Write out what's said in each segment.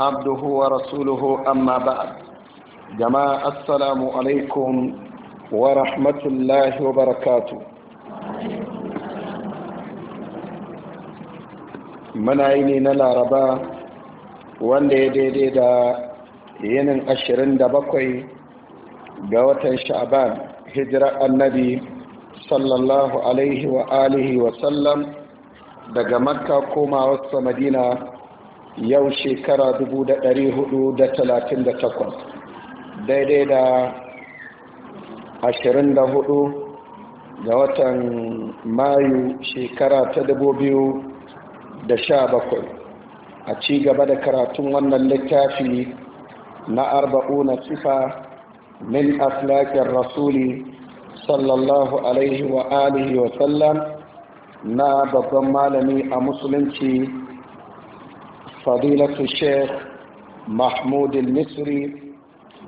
عبده ورسوله أما بعد جماعة السلام عليكم ورحمة الله وبركاته من عيني نلا ربا wanda ya daidai da yinin ashirin da bakwai ga watan Sha'aban, hijirar annabi sallallahu alaihi wa wa sallam daga makka komawarsa madina yau shekara 438 daidai da 24 ga watan mayu shekara ta 2017 a ci gaba da karatun wannan littafi na na sifa min aflakin rasuli sallallahu alaihi wa alihi wa sallam na babban malami a musulunci فضيلة الشيخ محمود Misri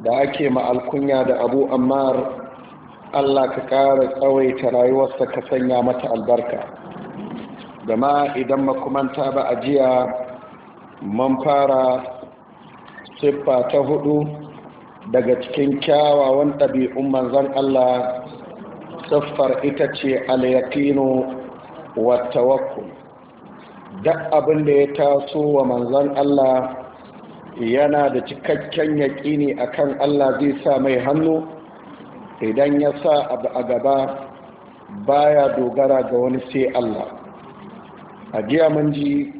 da ake ma alkunya da abu ammar allah ka ƙara ta rayuwarsa ka sanya mata albarka gama idan makumanta ba a jiya mun fara siffa ta huɗu daga cikin kyawawan ɗabi'un manzan allah siffar ita ce alyaqinu wa tawakkul duk abin da ya taso wa manzon Allah yana da cikakken yaƙini akan Allah zai sa mai hannu idan ya sa abu a gaba baya dogara ga wani sai Allah a jiya mun ji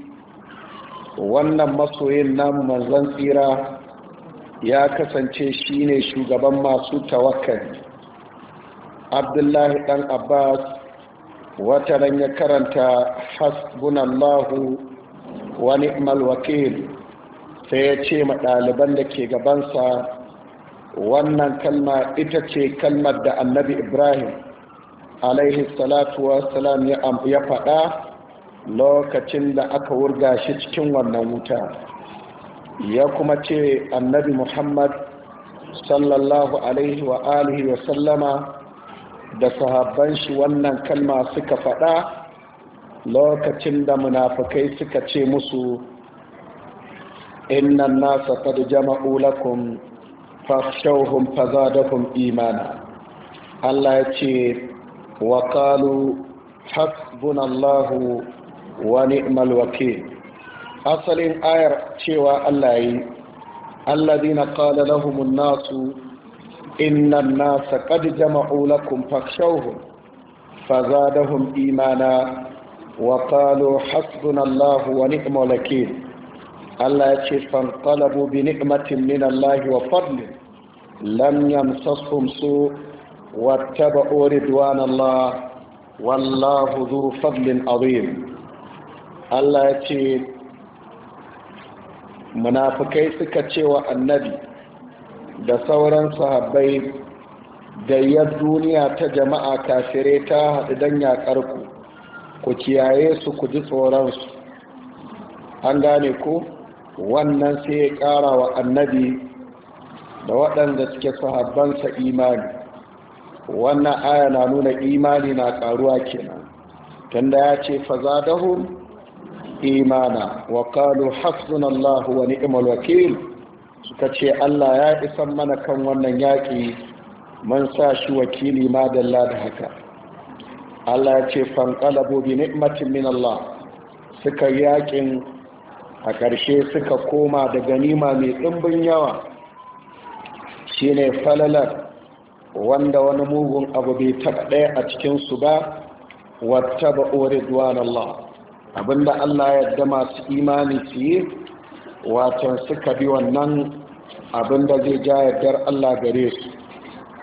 wannan masoyin namu manzon tsira ya kasance shine shugaban masu tawakkali abdullahi ɗan abbas wataran ya karanta hasbunallahu wa ni'mal wakil sai ya ce ma ɗaliban da ke gabansa wannan kalma ita ce kalmar da annabi ibrahim alaihi salatu wassalam ya faɗa lokacin da aka wurga shi cikin wannan wuta ya kuma ce annabi muhammad sallallahu alaihi wa alihi wa sallama da sahabban shi wannan kalma suka faɗa lokacin da munafukai suka ce musu innan nasa qad jama'u lakum fahshawhum fazadakum imana Allah ya ce wa qalu hasbunallahu wa ni'mal wakil asalin ayar cewa Allah yi alladhina qala lahumun nasu إن الناس قد جمعوا لكم فاخشوهم فزادهم إيمانا وقالوا حسبنا wa ونعم الوكيل Allah ya ce fanqalabu bi ni'matin min Allah wa fadlin lam yamsashum su wattaba'u ridwan Allah wallahu dhu fadlin azim Allah ya ce munafikai suka ce wa annabi da sauran sahabbai gayyar duniya ta jama'a kafirai ta haɗu don yaƙar ku ku kiyaye su ku ji tsoronsu an gane ku wannan sai ya ƙara wa annabi da waɗanda suke sahabbansa imani wannan aya na nuna imani na ƙaruwa kenan tunda ya ce fazadahum imana wa qalu hafsunan wa ni'mal wakil suka ce Allah ya isan mana kan wannan yaƙi man sa shi wakili ma da haka Allah ya ce fanqalabu bi ni'matin min Allah suka yaƙin a ƙarshe suka koma da ganima mai ɗimbin yawa shine falalar wanda wani mugun abu bai taɓa ɗaya a cikinsu ba wata ba'o Allah abinda Allah ya yarda masu imani su yi watan suka bi wannan abin da zai ja yardar Allah gare su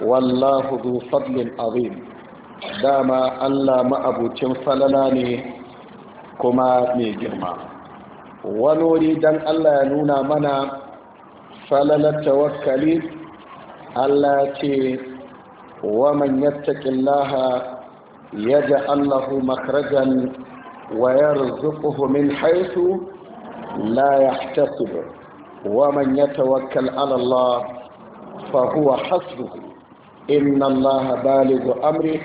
wallahu zu fadlin azim dama Allah ma'abucin falala ne kuma mai girma wani dan don Allah ya nuna mana falalar tawakkali Allah ce wa man yattaqillaha yaj'al lahu makhrajan wa yarzuquhu min haythu لا يحتسب ومن يتوكل على الله فهو حسبه إن الله بالغ أمره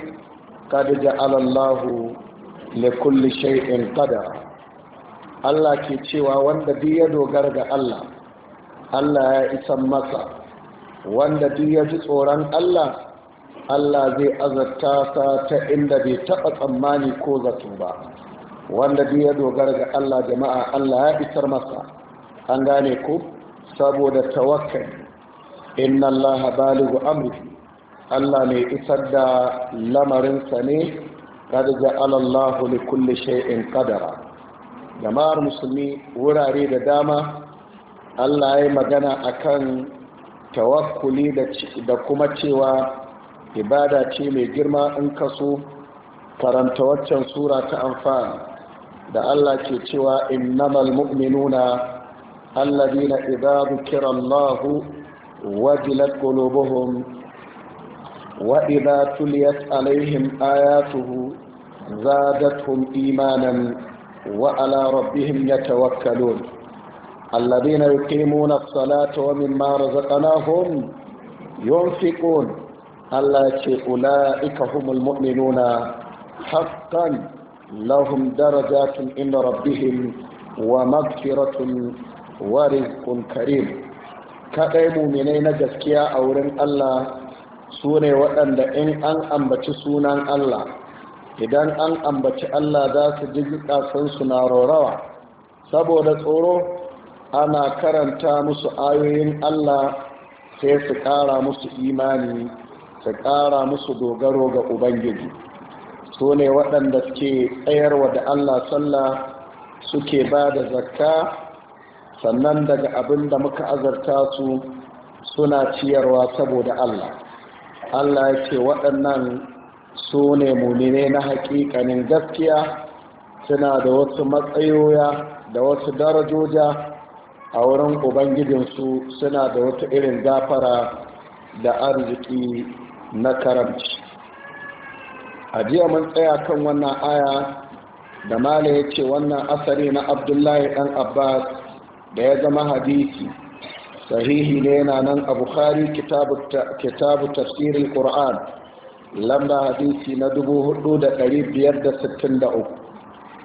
قد جعل الله لكل شيء قدرا Allah ke cewa wanda duk ya dogara ga Allah Allah ya isa masa wanda duk ya ji tsoron Allah Allah zai azarta ta ta inda bai taɓa tsammani ko zato ba wanda duk ya dogara ga Allah jama'a Allah ya isar masa an gane ku saboda tawakkali inna Allah baligu amri Allah mai isar da lamarinsa ne kada ja Allah li kulli shay'in qadara jama'ar musulmi wurare da dama Allah ya magana akan tawakkuli da kuma cewa ibada ce mai girma in kaso karanta waccan sura ta amfani da Allah ke cewa innamal mu'minuna alladhina idza dhukira Allah wajilat qulubuhum wa idza tuliyat alaihim ayatuhu zadatuhum imanan wa ala rabbihim yatawakkalun alladhina yuqimuna as-salata wa mimma razaqnahum yunfiqun Allah ce ula'ika humul mu'minuna haqqan لهم درجات عند ربهم ومغفرة ورزق كريم kaɗai muminai na gaskiya a wurin Allah su ne waɗanda in an ambaci sunan Allah idan an ambaci Allah za su ji ƙasarsu na rorawa saboda tsoro ana karanta musu ayoyin Allah sai su ƙara musu imani su ƙara musu dogaro ga Ubangiji su ne waɗanda suke tsayarwa da Allah sallah suke ba da zakka sannan daga abin da muka azarta su suna ciyarwa saboda Allah Allah ya ce waɗannan su ne munine na haƙiƙanin gaskiya suna da wasu matsayoya da wasu darajoja a wurin ubangijinsu suna da wata irin gafara da arziki na karamci a jiya mun tsaya kan wannan aya da mala ya ce wannan asari na abdullahi dan abbas da ya zama hadisi sahihi ne yana nan a bukhari kitabu tafsirin qur'an lamba hadisi na 4563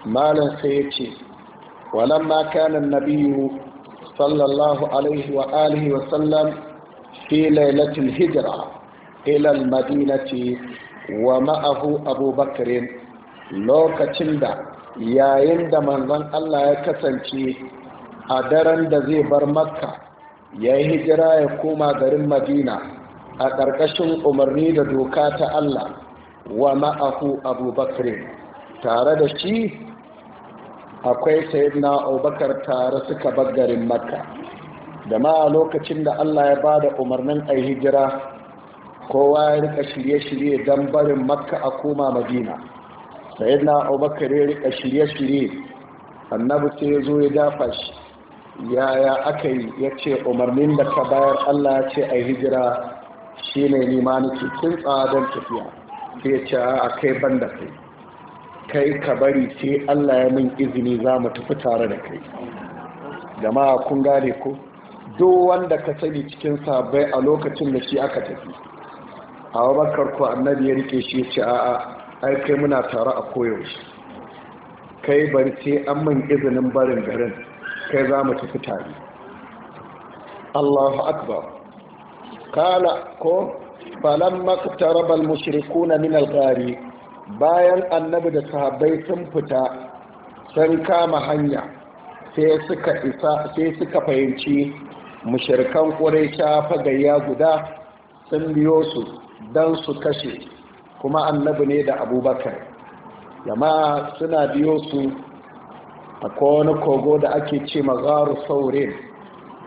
malin sai ya ce walamma na biyu, sallallahu alaihi wa alihi wa sallam fi lailatul madinati wa ma'ahu abubakarin lokacin da yayin da manzon Allah ya kasance a daren da zai bar makka ya yi hijira ya koma garin madina a ƙarƙashin umarni da doka ta Allah wa ma'ahu abubakarin tare da shi akwai na abubakar tare suka bar garin makka da ma lokacin da Allah ya ba da umarnin a hijira kowa ya rika shirye-shirye don barin makka a koma madina sai na abubakar ya rika shirye-shirye Annabu sai ya zo ya dafa shi yaya aka yi ya ce umarnin da ka bayar allah ya ce a hijira shi ne limani ke kintsa tafiya sai ce a kai ban da kai kai ka bari sai allah ya min izini za mu tafi tare da kai jama'a kun gane ko duk wanda ka sani cikin sabai a lokacin da shi aka tafi a bakar ko annabi ya rike shi ya a a'a ai kai muna tare a koyaushe kai bari ce an man izinin barin garin kai za mu tafi tare Allahu akbar kala ko falan maktaraba al-mushrikuna min al-ghari bayan annabi da sahabbai sun fita sun kama hanya sai suka isa sai suka fahimci mushrikan quraisha fa gayya guda sun biyo su don su kashe kuma annabi ne da abubakar ma suna biyo su a wani kogo da ake ce magaru saurin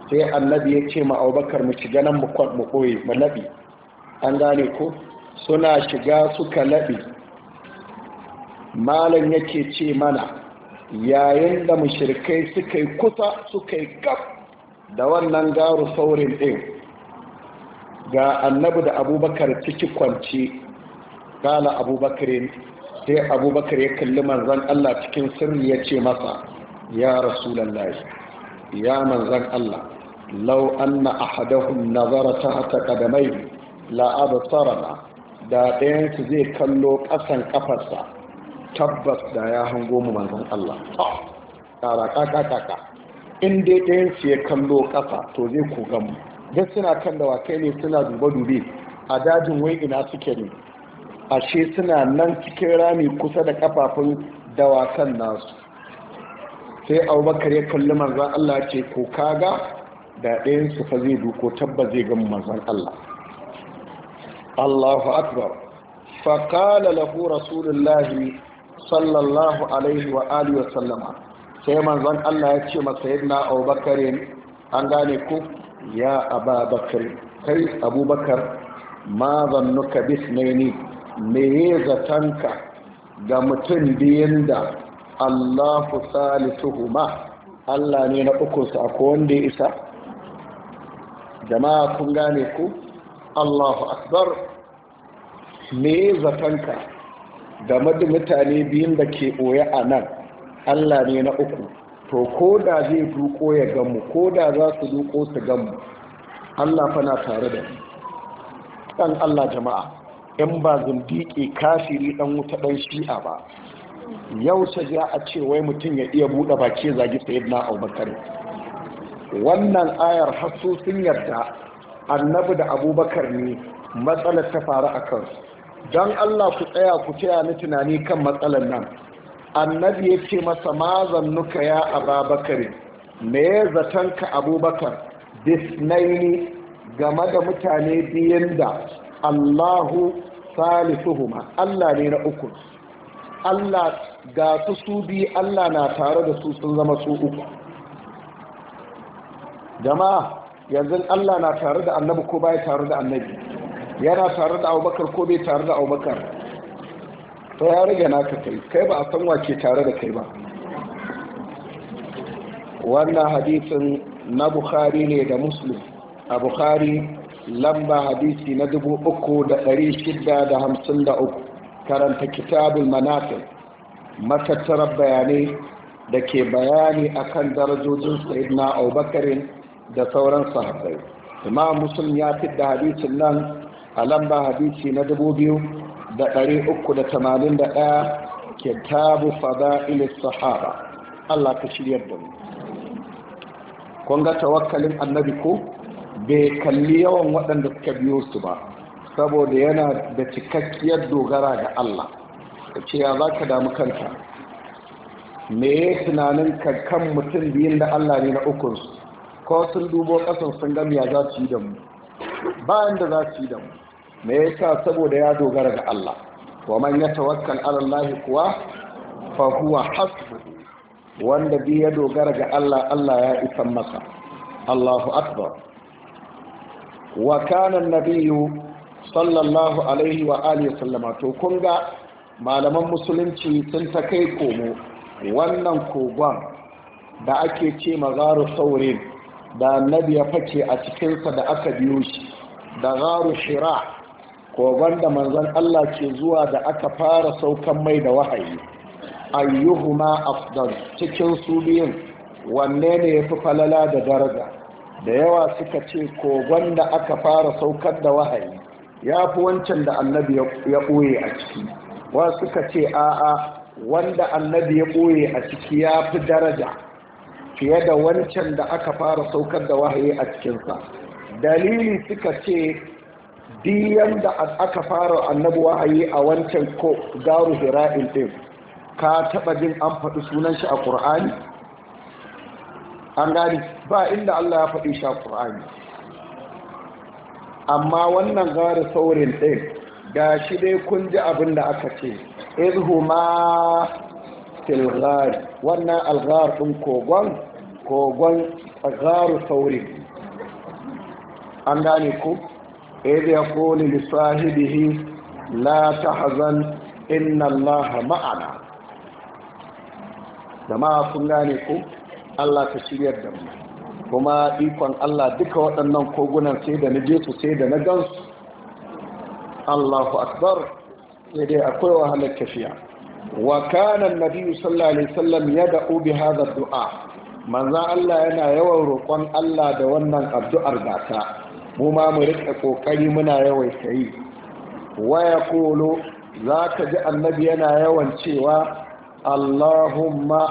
sai annabi ya ce ma abubakar mu shiga nan mu koyi mu laɓi an gane ko suna shiga suka laɓi malam yake ce mana yayin da mushirikai suka yi kusa suka yi kaf da wannan garu saurin ɗin ga annabi da abubakar ciki kwanci kala abubakarin sai abubakar ya kalli manzan Allah cikin sirri ya ce masa ya rasulallah ya manzan Allah lau anna ahadahum nazara haka kadamai la'adu tsarana da ɗayan zai kallo ƙasan ƙafarsa, tabbas da ya hango mu manzan Allah ƙara kaka in dai ɗayan su ya kallo ƙasa to zai kogan mu duk suna kan dawakai ne suna dube-dube a dajin wai ina suke ne ashe suna nan cikin rami kusa da kafafun dawakan nasu sai abubakar ya kalli manzan allah ce ko kaga da ɗayan su fa zai duko tabba zai gama manzan allah allahu akbar faƙala lahu rasulullahi sallallahu alaihi wa alihi wa sallama sai manzan allah ya ce masa yadda abubakar an gane ku ya Abubakar kai abubakar ma zannuka bisnaini meye zatanka ga mutum biyun da allahu salisuhuma allah ne na ukunsu akwai wanda ya isa jama'a kun gane ku allahu akbar meye zatanka da mutane biyun da ke ɓoye a nan allah ne na uku to ko da zai duko ya gamu ko da za su duko su gamu allah fana tare da ni ɗan allah jama'a in ba zumbiƙe kafiri ɗan wuta ɗan shi'a ba yau ta ja a ce wai mutum ya iya buɗe baki zagi sayid na abubakar wannan ayar hasu sun yarda annabi da abubakar ne matsalar ta faru a kansu don allah ku tsaya ku taya ni tunani kan matsalar nan annabi ya ce masa ma zannuka ya ababakar me ya zatonka abubakar disnaini game da mutane biyan da allahu salisuhuma allah ne na uku allah ga su su biyu allah na tare da su sun zama su uku jama'a yanzu allah na tare da annabi ko bai tare da annabi yana tare da abubakar ko bai tare da abubakar to ya rage naka kai kai ba a san wace tare da kai ba wannan hadisin na bukhari ne da muslim a bukhari lamba hadisi na dubu uku da dari shida da hamsin da uku karanta kitabul manafil matattarar bayanai da ke bayani a kan darajojin sayyidina abubakarin da sauran sahabbai imam muslim ya fi da hadisin nan a lamba hadisi na dubu biyu da ɗari uku da tamanin da ɗaya faɗa fada'il sahaba Allah ta shirya da mu kun ga tawakkalin annabi ko bai kalli yawan waɗanda suka biyo su ba saboda yana da cikakkiyar dogara ga Allah ka ce ya za ka damu kanta me ya tunanin ka kan mutum biyun da Allah ne na ukunsu ko sun dubo ƙasan sun gamiya za su yi da mu bayan da za su yi da mu me yasa saboda ya dogara ga Allah wa man yatawakkal ala Allah kuwa fa huwa hasbuhu wanda bi ya dogara ga Allah Allah ya isa masa Allahu akbar wa kana an-nabiyyu sallallahu alaihi wa alihi sallama to kun ga malaman musulunci sun ta kai komo wannan kogon da ake ce magaru saurin da annabi ya fake a cikinsa da aka biyo shi da garu shira kogon da manzon Allah ke zuwa da aka fara saukan mai da wahayi ayyuhuma afdal cikin su biyun wanne ne yafi falala da daraja da yawa suka ce kogon da aka fara saukar da wahayi ya fi wancan da annabi ya ɓoye a ciki wa suka ce a'a wanda annabi ya ɓoye a ciki ya fi daraja fiye da wancan da aka fara saukar da wahayi a cikinsa dalili suka ce duk da aka fara annabi wahayi a wancan ko garu hira'in ɗin, ka taɓa jin an faɗi sunan shi a ƙur'ani an gani ba inda Allah ya faɗi shi a ƙur'ani amma wannan garu saurin ɗin, ga shi dai kun ji abin da aka ce izhuma tilghari wannan algar ɗin kogon kogon garu saurin an gani ko إذ يقول لصاحبه لا تحزن إن الله معنا جماعة كنغانيكو الله تشير دم kuma ikon Allah duka waɗannan kogunan sai da na je sai da na gansu Allahu akbar akwai wahalar tafiya wa kana annabi sallallahu alaihi wasallam yad'u bi hadha du'a manzo Allah yana yawan roƙon Allah da wannan addu'ar gata mu ma mu rika ƙoƙari muna yawaita yi waya kolo za ka ji annabi yana yawan cewa allahumma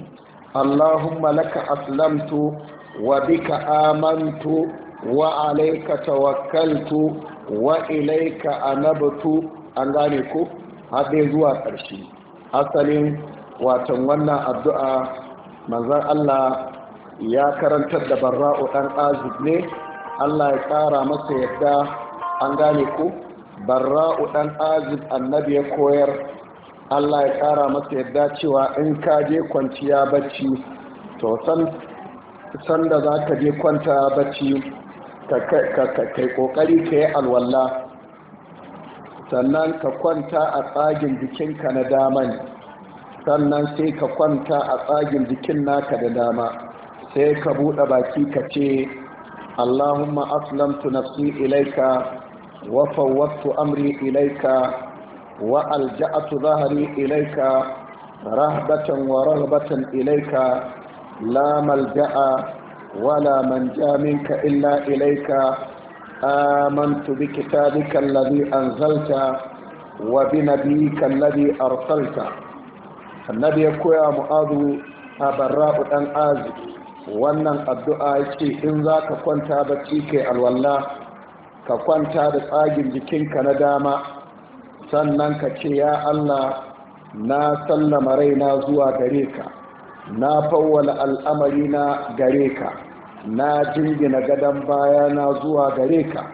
allahumma laka aslamtu wa bika amantu wa alaika tawakkaltu wa ilaika anabtu an gane ko haɗe zuwa ƙarshe asalin watan wannan addu'a manzan allah ya karantar da barra'u ɗan azib ne Allah ya tsara masa yadda an gane ku? barra'u dan azib annabi ya koyar Allah ya tsara masa yadda cewa in ka je kwanciya bacci to san da za ka je kwanta bacci ka kokari ka yi alwala sannan ka kwanta a tsagin jikinka na dama ne sannan sai ka kwanta a tsagin jikin naka da dama sai ka buɗe baki ka ce اللهم أسلمت نفسي إليك وفوضت أمري إليك وألجأت ظهري إليك رهبة ورغبة إليك لا ملجأ ولا منجا منك إلا إليك آمنت بكتابك الذي أنزلت وبنبيك الذي أرسلت النبي يقول يا معاذ أبراء أن آزك wannan addu'a yake in za ka kwanta da kai alwalla ka kwanta da tsagin jikinka na dama sannan ka ce ya Allah na sallama raina zuwa gare ka na fawwala al'amari na gare ka na jingina gadon baya na zuwa gare ka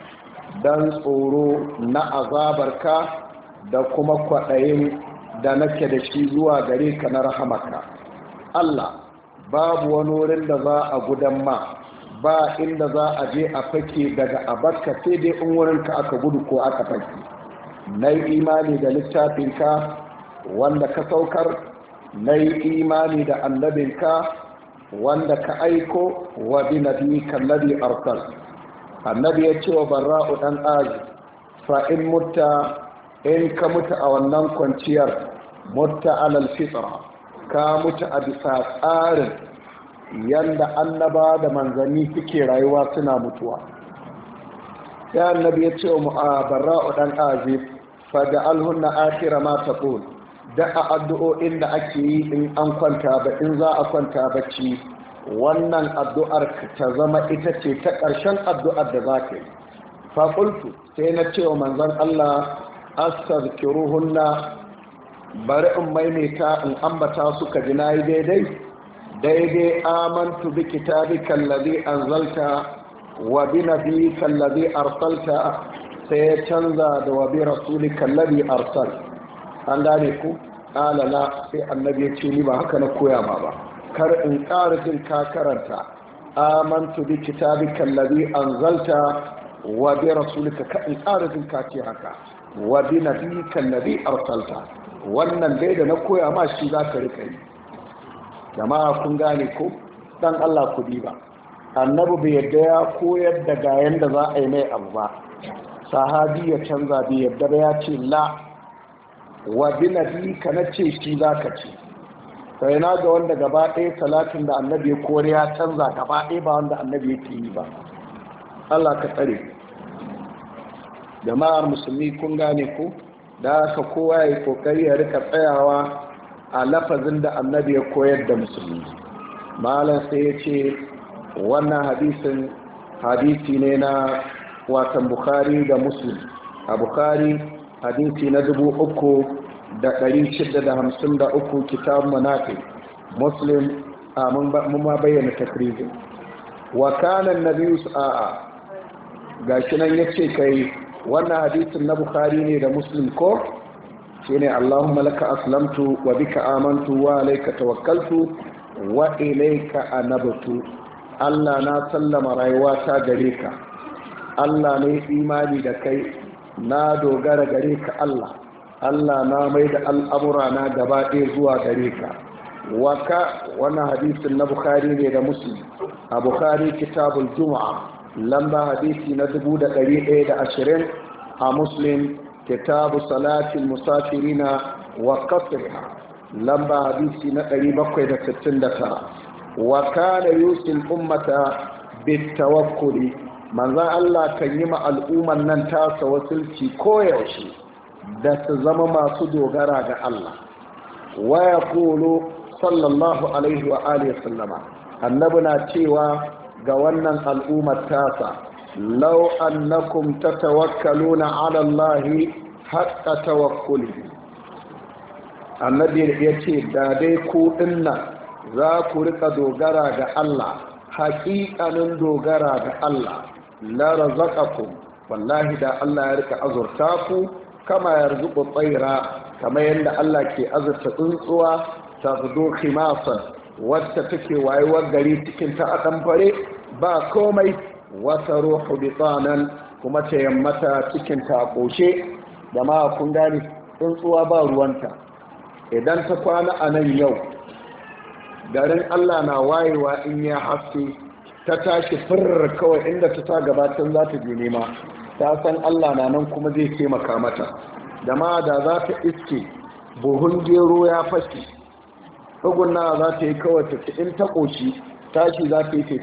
don tsoro na azabarka da kuma kwaɗayin da nake da shi zuwa gare ka na rahamaka Allah babu wani wurin da za a gudan ma ba inda za a je a fake daga abarka sai dai in wurinka aka gudu ko aka fake na yi imani da littafinka wanda ka saukar na yi imani da annabinka wanda ka aiko wa bi nabi kallabi arsal annabi ya ce wa barra'u dan aji fa in mutta in ka mutu a wannan kwanciyar mutta alal fitra ka mutu a bisa tsarin yadda annaba da manzanni suke rayuwa suna mutuwa ya annabi ya ce wa mu'abarra ah, dan azib fa da alhunna akhira ma taqul da a addu'o'in da ake yi in an kwanta ba in za a kwanta bacci wannan addu'ar ta zama ita ce ta ƙarshen addu'ar da za ka yi faƙultu sai na ce wa manzan Allah astazkiruhunna bari in maimaita in ambata suka ji na yi daidai daidai amantu bi kallabi an zalta wa bi bi kallabi arsalta sai ya canza da wa bi rasuli kallabi arsal an gane ku alala sai annabi ya ce ni ba haka na koya ma ba kar in ƙara jin ka karanta amantu bi kallabi an anzalta wa bi rasulika ka in ƙara jin ka ce haka wa bi nabiyika alladhi arsalta wannan dai da na koya ma shi za ka rika yi jama'a kun gane ko dan Allah ku ba. annabi bai yadda ya koyar da ga yanda za a yi mai abu ba sahabi ya canza bai yadda ba ya ce la wa bi nabiyika na ce shi za ka ce sai na ga wanda gaba ɗaya salatin da annabi ya kore ya canza gaba ɗaya ba wanda annabi ya yi ba Allah ka tsare jama'ar musulmi kun gane ku da haka kowa ya yi kokari ya rika tsayawa a lafazin da annabi ya koyar da musulmi malam sai ya ce wannan hadisin hadisi ne na watan bukhari da Musulmi. a bukhari hadisi na dubu uku da ɗari shida da hamsin da uku kitab manafi muslim a mun ma bayyana takrizin wa nabi a'a gashi nan ya ce kai wannan hadisin na bukhari ne da muslim ko shine allahumma laka aslamtu wa bika amantu wa alayka tawakkaltu wa ilayka anabtu allah na sallama rayuwata gare ka allah ne imani da kai na dogara gare ka allah allah na mai da al'amura na gaba ɗaya zuwa gare ka waka wannan hadisin na bukhari ne da muslim a bukhari kitabul juma'a lamba hadisi na dubu da ɗari ɗaya da ashirin a muslim kitabu salatin musafirina wa kasriha lamba hadisi na ɗari bakwai da sittin da tara wa kana yusil ummata bitawakkuli manzan Allah kan yi ma al'umman nan tasa wasilci koyaushe da su zama masu dogara ga Allah waya kolo sallallahu alaihi wa alihi sallama annabi na cewa ga wannan al'ummar tasa law annakum tatawakkaluna ala allahi haqqa tawakkuli annabi ya ce da dai ku dinnan za ku rika dogara ga Allah haƙiƙanin dogara ga Allah la razaqakum wallahi da Allah ya rika azurta ku kama yarzuqu tsaira kama yadda Allah ke azurta tsuntsuwa ta zudo khimasan wacce take wayewar gari cikin ta adan fare ba komai wata ruhu bitanan kuma ta yammata cikin ta koshe da ma kun gani tsuntsuwa ba ruwanta idan ta kwana a nan yau garin Allah na wayewa in ya haske ta tashi firar kawai inda ta ta gabatan za ta je nema ta san Allah na nan kuma zai taimaka mata da ma da za ta iske buhun gero ya fashe tsuguna za ta yi kawai ta in ta ƙoshi tashi za ka yi ke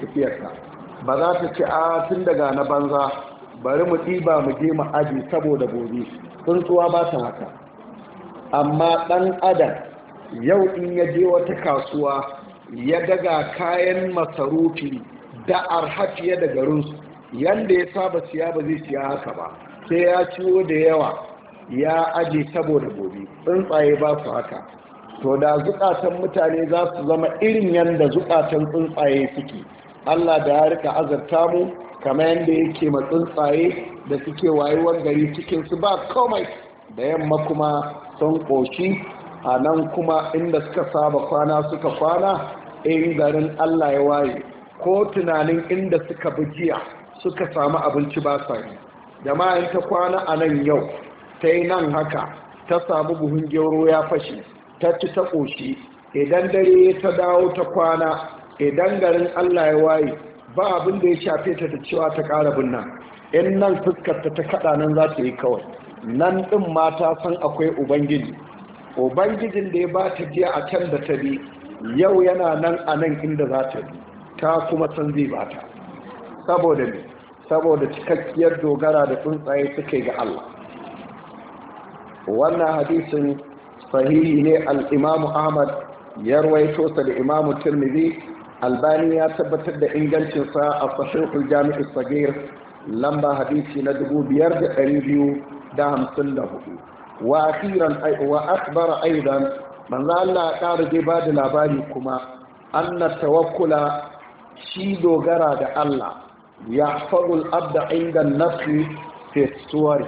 ba za ta ci a tun daga na banza bari mu ɗiba mu je mu aji saboda gobe tsuntsuwa ba ta haka amma ɗan adam yau in ya je wata kasuwa ya daga kayan masarufi da arhafiya da garinsu yanda ya saba siya ba zai siya haka ba sai ya ciwo da yawa ya aje saboda gobe tsuntsaye ba su haka to da zukatan mutane za su zama irin yadda zukatan tsuntsaye suke Allah da ya rika azarta mu kamar yadda yake ma tsuntsaye da suke wayewar gari cikin su ba komai da yamma kuma sun ƙoshi a nan kuma inda suka saba kwana suka kwana in garin Allah ya waye ko tunanin inda suka jiya suka samu abinci ba sa yi jama'a ta kwana a nan yau ta yi nan haka ta samu buhun gero ya fashe ta ci ta ƙoshi idan dare ta dawo ta kwana idan garin allah ya waye ba abin da ya shafe ta da cewa ta ƙara binna in nan fuskarta ta kaɗa nan za ta yi kawai nan ɗin mata san akwai ubangiji ubangijin da ya ba ta jiya a can da ta bi yau yana nan a nan inda za ta bi ta kuma san zai ba ta saboda ne saboda cikakkiyar dogara da tsuntsaye suke ga allah wannan hadisin sahihi ne Al'imamu ahmad ya rawaito sa da imamu tirmidhi albani ya tabbatar da ingancinsa a sahihul jami'u sagir lamba hadisi na 5254 wa akhiran wa akbara aidan banza Allah ya ƙara zai ba da labari kuma anna tawakkula shi dogara da Allah ya faɗul abda inda nafi fesuwari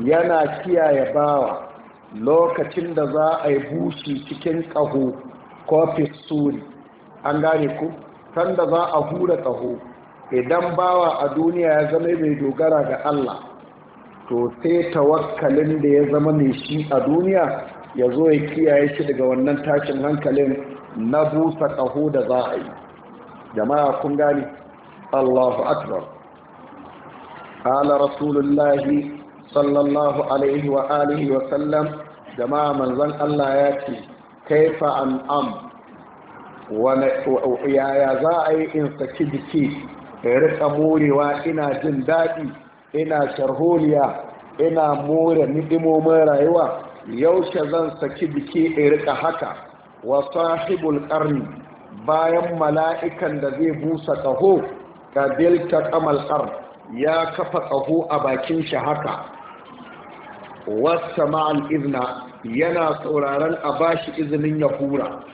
yana kiyaye bawa lokacin da za a yi bushi cikin ƙaho Kofi Suri. an gane ku san da za a hura ƙaho idan bawa a duniya ya zama mai dogara ga Allah to sai tawakkalin da ya zama mai shi a duniya ya zo ya kiyaye shi daga wannan tashin hankalin na busa ƙaho da za a yi jama'a kun gane Allahu akbar قال رسول sallallahu alaihi wa alihi wa sallam jama'a manzon Allah ya ce kaifa an am yaya za a yi in saki jiki rika morewa ina jin daɗi ina sharholiya ina more ni'imomin rayuwa yaushe zan saki biki in rika haka wa sahibul ƙarni, bayan mala'ikan da zai busa ƙaho ka ƙamal kamal ya kafa ƙaho a bakin shi haka wasa ma'al izna yana sauraron a bashi izinin ya hura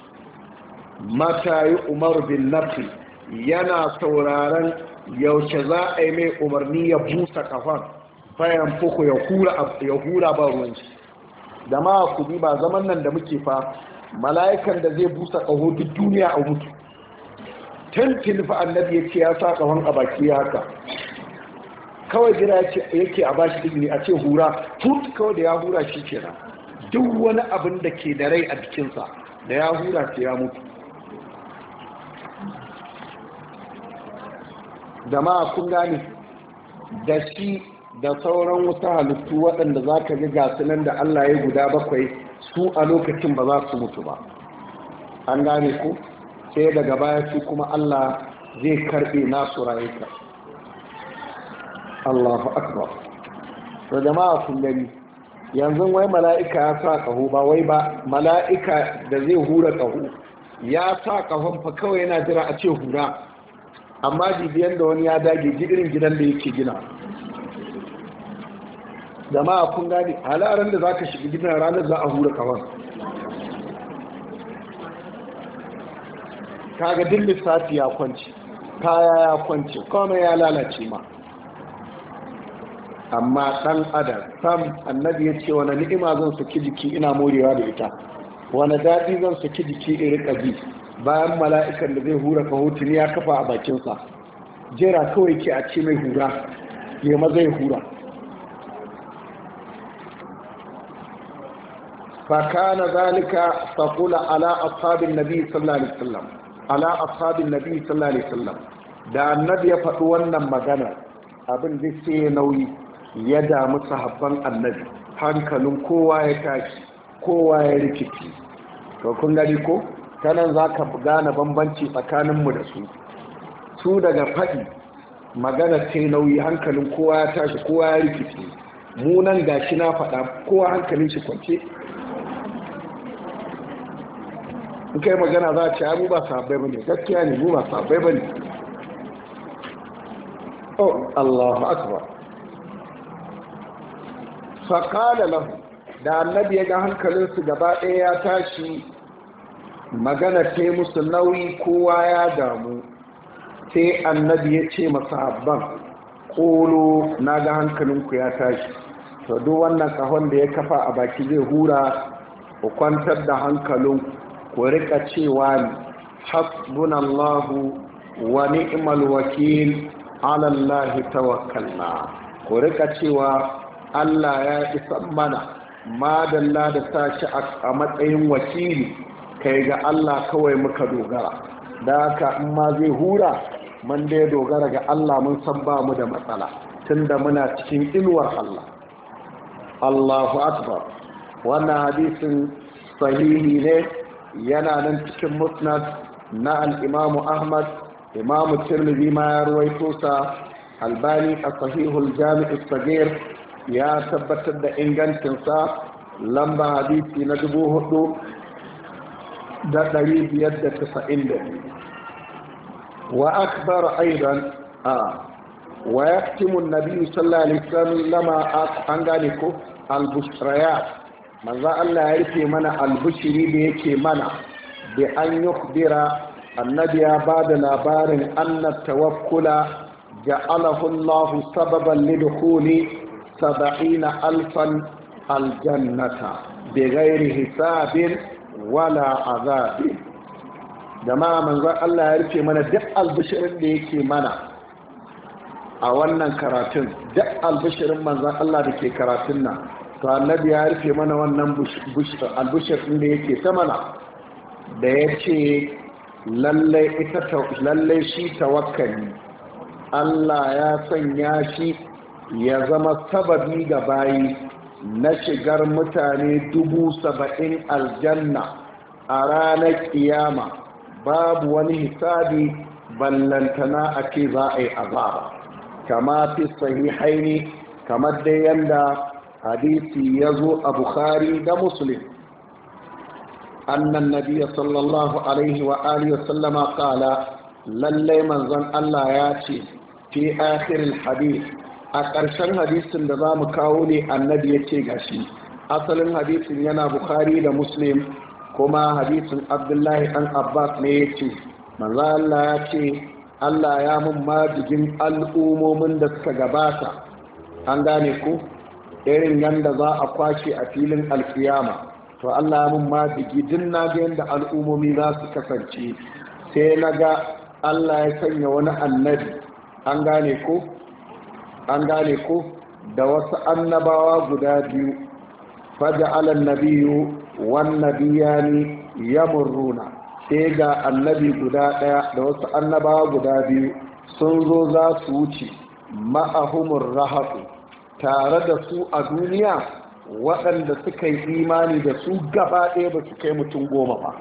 mata yi umar bin nafi yana sauraron yaushe za a yi mai umarni ya busa kafan fayan fuku ya hura ba ruwanci da ma ku ba zaman nan da muke fa mala'ikan da zai busa kaho duk duniya a mutu tun tilfa annabi ya ce ya sa kafan a baki haka kawai gina yake a bashi digiri a ce hura tut kawai da ya hura shi kenan duk wani abin da ke da rai a jikinsa da ya hura ce ya mutu da ma kun gane da shi da sauran wasu halittu waɗanda za ka ga nan da Allah ya guda bakwai su a lokacin ba za su mutu ba an gane ku sai daga baya su kuma Allah zai karɓe nasu rayuka Allahu akbar to jama'a sun gani yanzu wai mala'ika ya sa kaho ba wai ba mala'ika da zai hura kaho ya sa kahon fa kawai yana jira a ce hura amma bibiyan da wani ya dage gidirin gidan da yake gina jama'a kun gani halaran da ka shiga gidan ranar za a hura kahon kaga dillis sati ya kwanci kaya ya kwanci komai ya lalace ma amma dan adam sam annabi ya ce wani ni'ima zan saki jiki ina morewa da ita wani daɗi zan saki jiki in rika ji bayan mala'ikan da zai hura kahotun ya kafa a bakinsa jera kawai ke a ce mai hura ya maza ya hura fakana zalika faƙula ala ashabin nabi sallallahu alaihi wasallam ala nabi sallallahu da annabi ya faɗi wannan magana abin zai sai nauyi ya damu sahabban annabi hankalin kowa ya tashi kowa ya rikici to kun gani ko ta nan za ka gane bambanci tsakaninmu da su su daga faɗi magana ce nauyi hankalin kowa ya tashi kowa ya rikici mu nan gashi na faɗa kowa hankalin shi kwance in kai magana za a ce abu ba sabai bane gaskiya ne mu ba sabai bane oh allahu akbar faƙala da annabi ya ga hankalinsu gaba ɗaya ya tashi magana ta musu nauyi kowa ya damu sai annabi ya ce masa abban ƙolo na ga hankalinku ya tashi to duk wannan ƙahon da ya kafa a baki zai hura ku kwantar da hankalin ku rika cewa ne allahu wa ni'mal wakil alallahi ta tawakkalna ku rika cewa Allah ya isa mana madalla da sa shi a matsayin wakili kai ga Allah kawai muka dogara da haka in ma zai hura man da ya dogara ga Allah mun san ba mu da matsala tunda muna cikin inuwar Allah Allahu akbar wannan hadisin sahihi ne yana nan cikin musnad na al imamu Ahmad Imamu Tirmidhi ma ya ruwaito sa Albani a sahihul Jami' as ya tabbatar da ingancinsa lamba hadisi na dubu hudu da ɗari biyar da tasa'in da wa akbar aidan a wa yaktimu nabi sallallahu alaihi wasallam lama an gane ko albushraya manzo Allah ya rufe mana albushiri da yake mana bi an yukhbira annabi ya bada labarin anna tawakkula ja'alahu Allah sababan lidkhuli سبعين ألفا الجنة بغير حساب ولا عذاب جماعة من ذا الله يرفي من دق البشر اللي يكي منا a wannan karatun duk albishirin manzan Allah da ke karatun nan to annabi ya rufe mana wannan albishir ɗin da yake ta mana da ya ce lallai shi tawakkali Allah ya sanya shi ya zama sababi ga bayi na shigar mutane dubu saba'in aljanna a ranar kiyama babu wani hisabi ballantana a ce za a yi azaba kama fi sahihaini kamar da yanda hadisi ya zo a bukhari da muslim annan nabiya sallallahu alaihi wa sallama kala lallai manzon allah ya ce fi akhirin hadisi a ƙarshen hadisin da za mu kawo ne annabi ya ce gashi asalin hadisin yana bukhari da muslim kuma hadisin abdullahi ɗan abbas ne ya ce manzo allah ya ce allah ya mun majigin al'ummomin da suka gabata an gane ku irin yadda za a kwashe a filin alkiyama to allah ya mun majigi din na ga yadda al'ummomi za su kasance sai na ga allah ya sanya wani annabi an gane ku an gane ko da wasu annabawa guda biyu faja'alan nabiyu wan nabiyani yamurruna sai ga annabi guda daya da wasu annabawa guda biyu sun zo za su wuce ma'ahumur rahaku tare da su a duniya waɗanda suka yi imani da su gaba ɗaya ba su kai mutum goma ba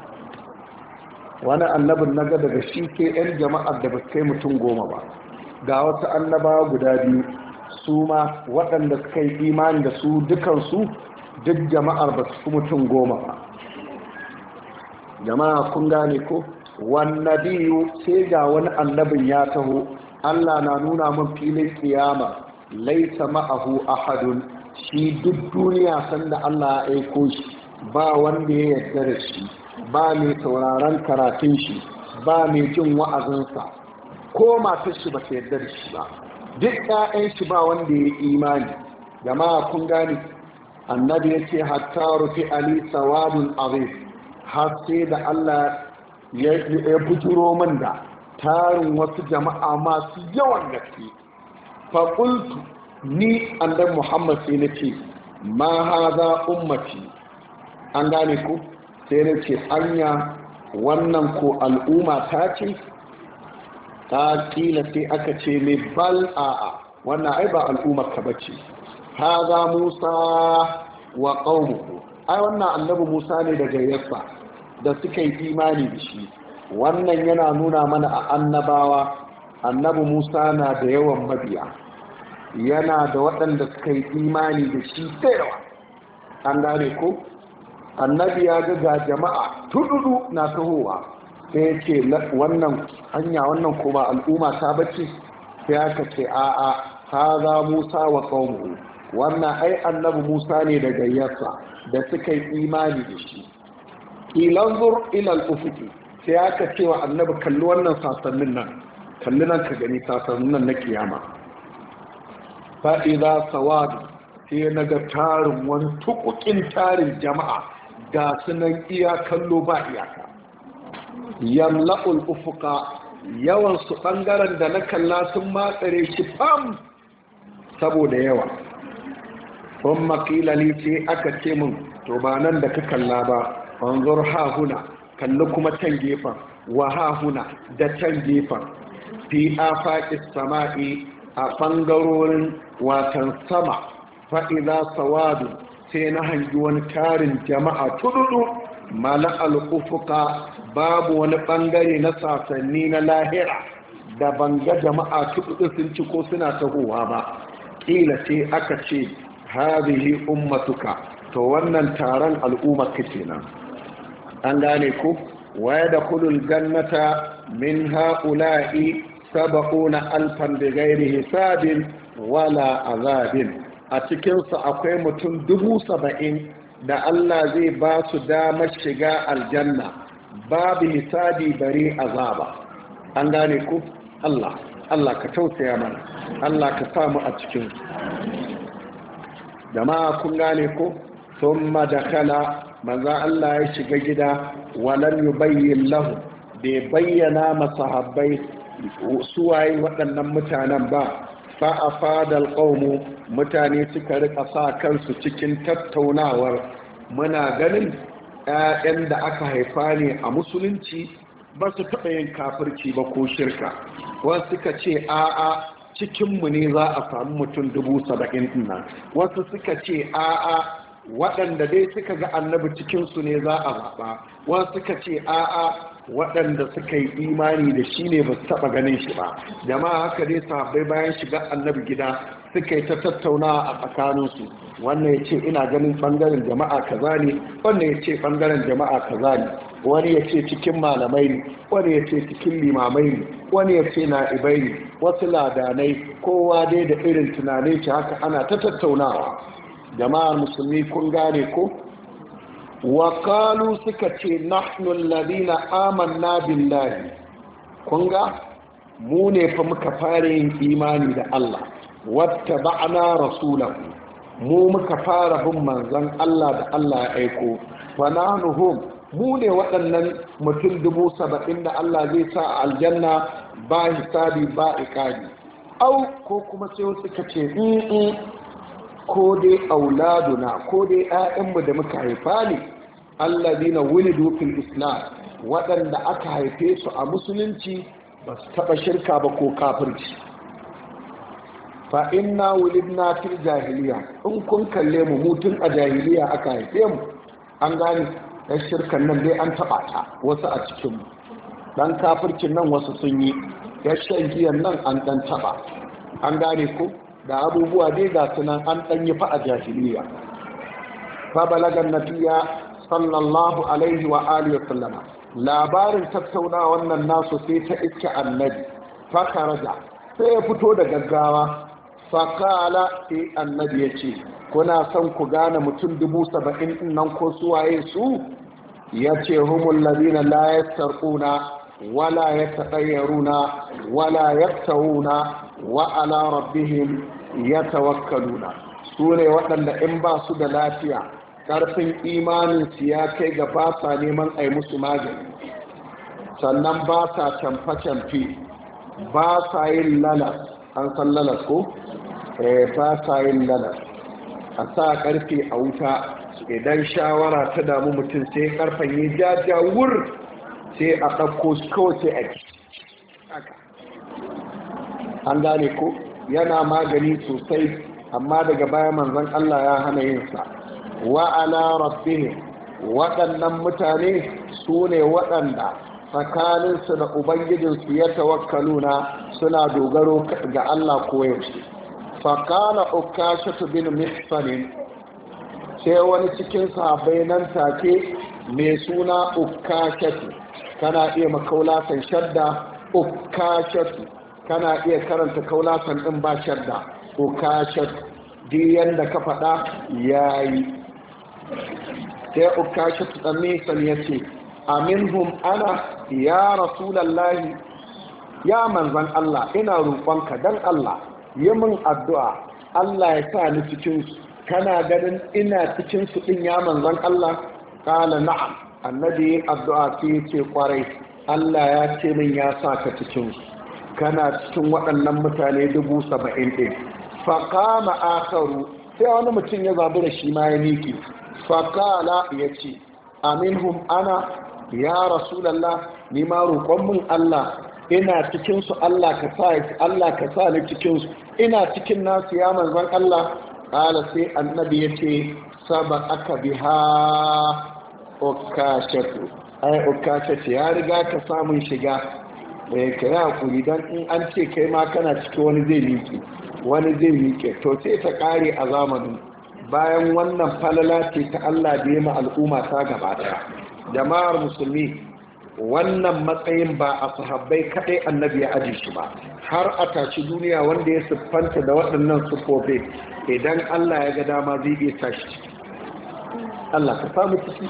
wani annabin naga daga shi ke 'yan jama'ar da ba su kai mutum goma ba ga wasu annaba guda biyu su ma waɗanda suka yi imani da su dukansu duk jama'ar ba su mutum goma ba jama'a kun gane ko wannan biyu sai ga wani annabin ya taho allah na nuna mun filin kiyama Laita ma'ahu ahadun shi duk duniya sanda allah ya aiko shi ba wanda ya yarda da shi ba mai sauraron karatun shi ba mai jin wa'azinsa ko matar shi ba ta yarda da shi ba duk ƴaƴan shi ba wanda ya yi imani jama'a kun gane annabi ya ce hatta rufi ali sawadun abin. har sai da Allah ya bujuro min da tarin wasu jama'a masu yawan gaske faƙultu ni andan muhammad sai na ce ma haza ummati an gane ku sai na ce hanya wannan ko al'umma ta ce ta kila sai aka ce mai bal a'a wannan ai ba al'ummar ka bace haza musa wa qaumuhu ai wannan annabi musa ne da yasa da suka yi imani da shi wannan yana nuna mana a annabawa annabi musa na da yawan mabiya yana da waɗanda suka yi imani da shi sai yawa an gane ko annabi ya ga jama'a tududu na tahowa sai ya ce wannan hanya wannan kuma al'umma ta bace sai aka ce a'a haza musa wa qaumu wannan ai annabi musa ne da gayyarsa da suka yi imani da shi ilanzur ila al-ufuqi sai aka ce wa annabi kalli wannan sasannin nan kalli nan ka gani sasannin nan na kiyama fa idza sawad sai naga tarin wani tukukin tarin jama'a ga nan iya kallo ba iyaka yamla'ul ufuka yawan su bangaren da na kalla sun matsare shi fam saboda yawa kun makila ne ce aka ce mun to ba nan da ka kalla ba wanzur ha kalli kuma can gefen wa ha da can gefen fi afaqi sama'i a bangarorin watan sama Fa'iza sawadu sai na hangi wani tarin jama'a tududu mala al babu wani bangare na sasanni na lahira da banga jama'a tukudu sun ci ko suna tahowa ba kila ce aka ce hazihi ummatuka to wannan taron al'ummar kace kenan an gane ku waya da kulul gannata min ha'ula'i saba'una alfan da gairi hisabin wala azabin a cikinsu akwai mutum dubu saba'in da Allah zai ba su damar shiga aljanna babu misali bare azaba an gane ku Allah Allah ka tausaya mana Allah ka samu a cikin da ma kun gane ku thumma dakala manzo Allah ya shiga gida walam yubayyin lahu bai bayyana masahabbai suwaye waɗannan mutanen ba fa afadal qaumu mutane suka rika sa kansu cikin tattaunawar muna ganin 'ya'yan da aka haifa ne a musulunci ba su taɓa yin kafirci ba ko shirka wasu suka ce a'a cikinmu ne za a samu mutum dubu saba'in nan wasu suka ce a'a waɗanda dai suka ga annabi cikinsu ne za a zaɓa wasu suka ce a'a waɗanda suka yi imani da shi ne ba su taɓa ganin shi ba jama'a haka dai sahabbai bayan shiga annabi gida suka yi ta tattaunawa a tsakaninsu wannan ya ce ina ganin ɓangaren jama'a kaza ne wannan ya ce ɓangaren jama'a kaza ne wani ya ce cikin malamai ne wani ya ce cikin limamai ne wani ya ce na'ibai ne wasu ladanai kowa dai da irin tunanai ce haka ana ta tattaunawa jama'ar musulmi kun gane ko Wakalu suka ce nahnu aman amanna billahi kun ga mu ne fa muka fara yin imani da Allah wata ba'ana rasulahu mu muka fara bin manzan Allah da Allah ya aiko fananuhum mu ne waɗannan mutum dubu saba'in da Allah zai sa a aljanna ba hisabi ba ikadi au ko kuma sai wasu ka ce ko dai auladuna ko dai 'ya'yanmu da muka haifa ne na wulidu fil islam waɗanda aka haife su a musulunci ba su taɓa shirka ba ko kafirci fa inna wulidna fil jahiliya in kun kalle mu mutun a jahiliya aka haife mu an gane dan shirkan nan dai an taba ta wasu a cikin mu dan kafircin nan wasu sun yi ya shan giyan nan an dan taba an gane ko da abubuwa dai ga sunan an dan yi fa a jahiliya fa balagan nabiya sallallahu alaihi wa alihi wa labarin tattaunawa wannan nasu sai ta iske annabi fakaraja sai ya fito da gaggawa faƙala sai annabi ya ce kuna son ku gane mutum dubu saba'in nan ko suwaye su ya ce humul ladina la yastarquna wala yatatayyaruna wala yaftawuna wa ala rabbihim yatawakkaluna su ne waɗanda in ba su da lafiya ƙarfin imanin su ya kai ga ba sa neman ai musu magani sannan ba sa camfe-camfe ba sa yin lalas an san lalas ko sa eh, yin lana a sa karfe a wuta idan shawara ta damu mutum sai karfen yi jajja wur sai a ɗauko shi kawai sai a an gane ko yana magani sosai amma daga baya manzan Allah ya hana yinsa Wa'ala ala waɗannan mutane su ne waɗanda tsakaninsu da ubangijinsu ya tawakkaluna suna dogaro ga Allah koyaushe fakala ukashatu bin mihsanin sai wani cikin sahabbai nan take mai suna ukashatu kana iya makaulatan shadda ukashatu kana iya karanta kaulatan din ba shadda ukashatu duk yanda ka faɗa yayi sai ukashatu dan nisan ya ce aminhum ana ya rasulallahi ya manzan Allah ina roƙonka dan Allah yi min addu'a Allah ya sa ni cikin su kana ganin ina cikinsu su ya manzon Allah kala na'am annabi addu'a ce yace kwarai Allah ya ce min ya sa ka cikin su kana cikin waɗannan mutane dubu saba'in ɗin faƙama akaru sai wani mutum ya zabi da shi ma ya miki faƙala ya ce aminhum ana ya rasulallah ni ma roƙon min Allah ina cikin su Allah ka sa Allah ka sa ni cikin su ina cikin nasu ya manzon Allah ala sai annabi yace saba aka biha ukashatu ai ukashatu ya riga ka samun shiga bai eh, kai hakuri dan in an ce kai ma kana cikin wani zai miƙe wani zai miƙe to sai ta kare a zamanin bayan wannan falala ce ta Allah da ya ma al'umma ta gaba daya jama'ar musulmi wannan matsayin ba a sahabbai kaɗai annabi ya aji su ba har a tashi duniya wanda ya siffanta da waɗannan siffofi idan Allah ya ga dama zai iya tashi Allah ka samu ciki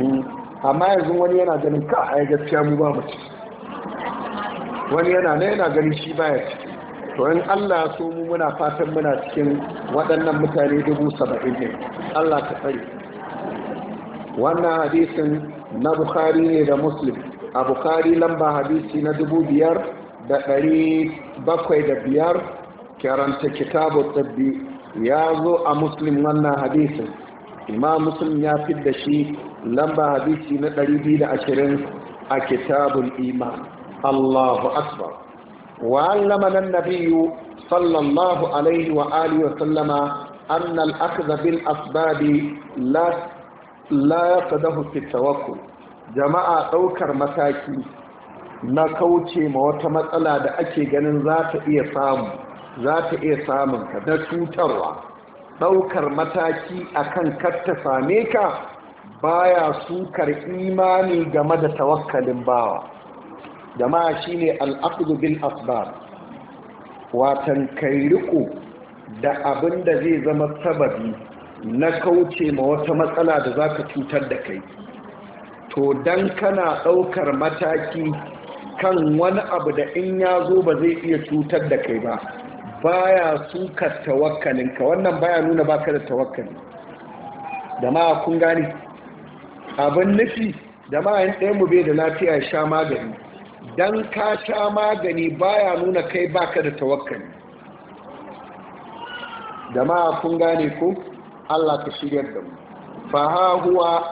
hmm. amma yanzu wani yana ganin ka a gaskiya mu ba mutu wani yana na yana ganin shi baya ciki to in Allah so mu muna fatan muna cikin waɗannan mutane dubu saba'in ne Allah ka tsare wannan hadisin na bukhari ne da muslim a bukhari lamba hadisi na dubu biyar da ɗari bakwai da biyar karanta kitabu tsibbi ya zo a muslim wannan hadisin imam muslim ya fi da shi lamba hadisi na ɗari biyu da ashirin a kitabun iman allahu akbar wa allama nan nabiyu sallallahu alaihi wa alihi wa sallama أن الأخذ بالأسباب لا la ya fi tawakkul jama'a ɗaukar mataki na kauce ma wata matsala da ake ganin za ta iya samu za ta iya samun ka da cutarwa ɗaukar mataki akan kar ta same ka baya sukar imani game da tawakkalin bawa jama'a shine al'aqdu bil asbab watan kai da abin da zai zama sababi na kauce ma wata matsala da za ka cutar da kai to don kana ɗaukar mataki kan wani abu da in ya zo ba zai iya cutar da kai ba baya sukar tawakkalinka wannan baya nuna ba ka da tawakkali da ma kun gani abin nufi da ma yin ɗaya mu bai da lafiya ya sha magani don ka sha magani baya nuna kai ba ka da tawakkali da ma kun gane ko Allah ta shiryar da mu fa huwa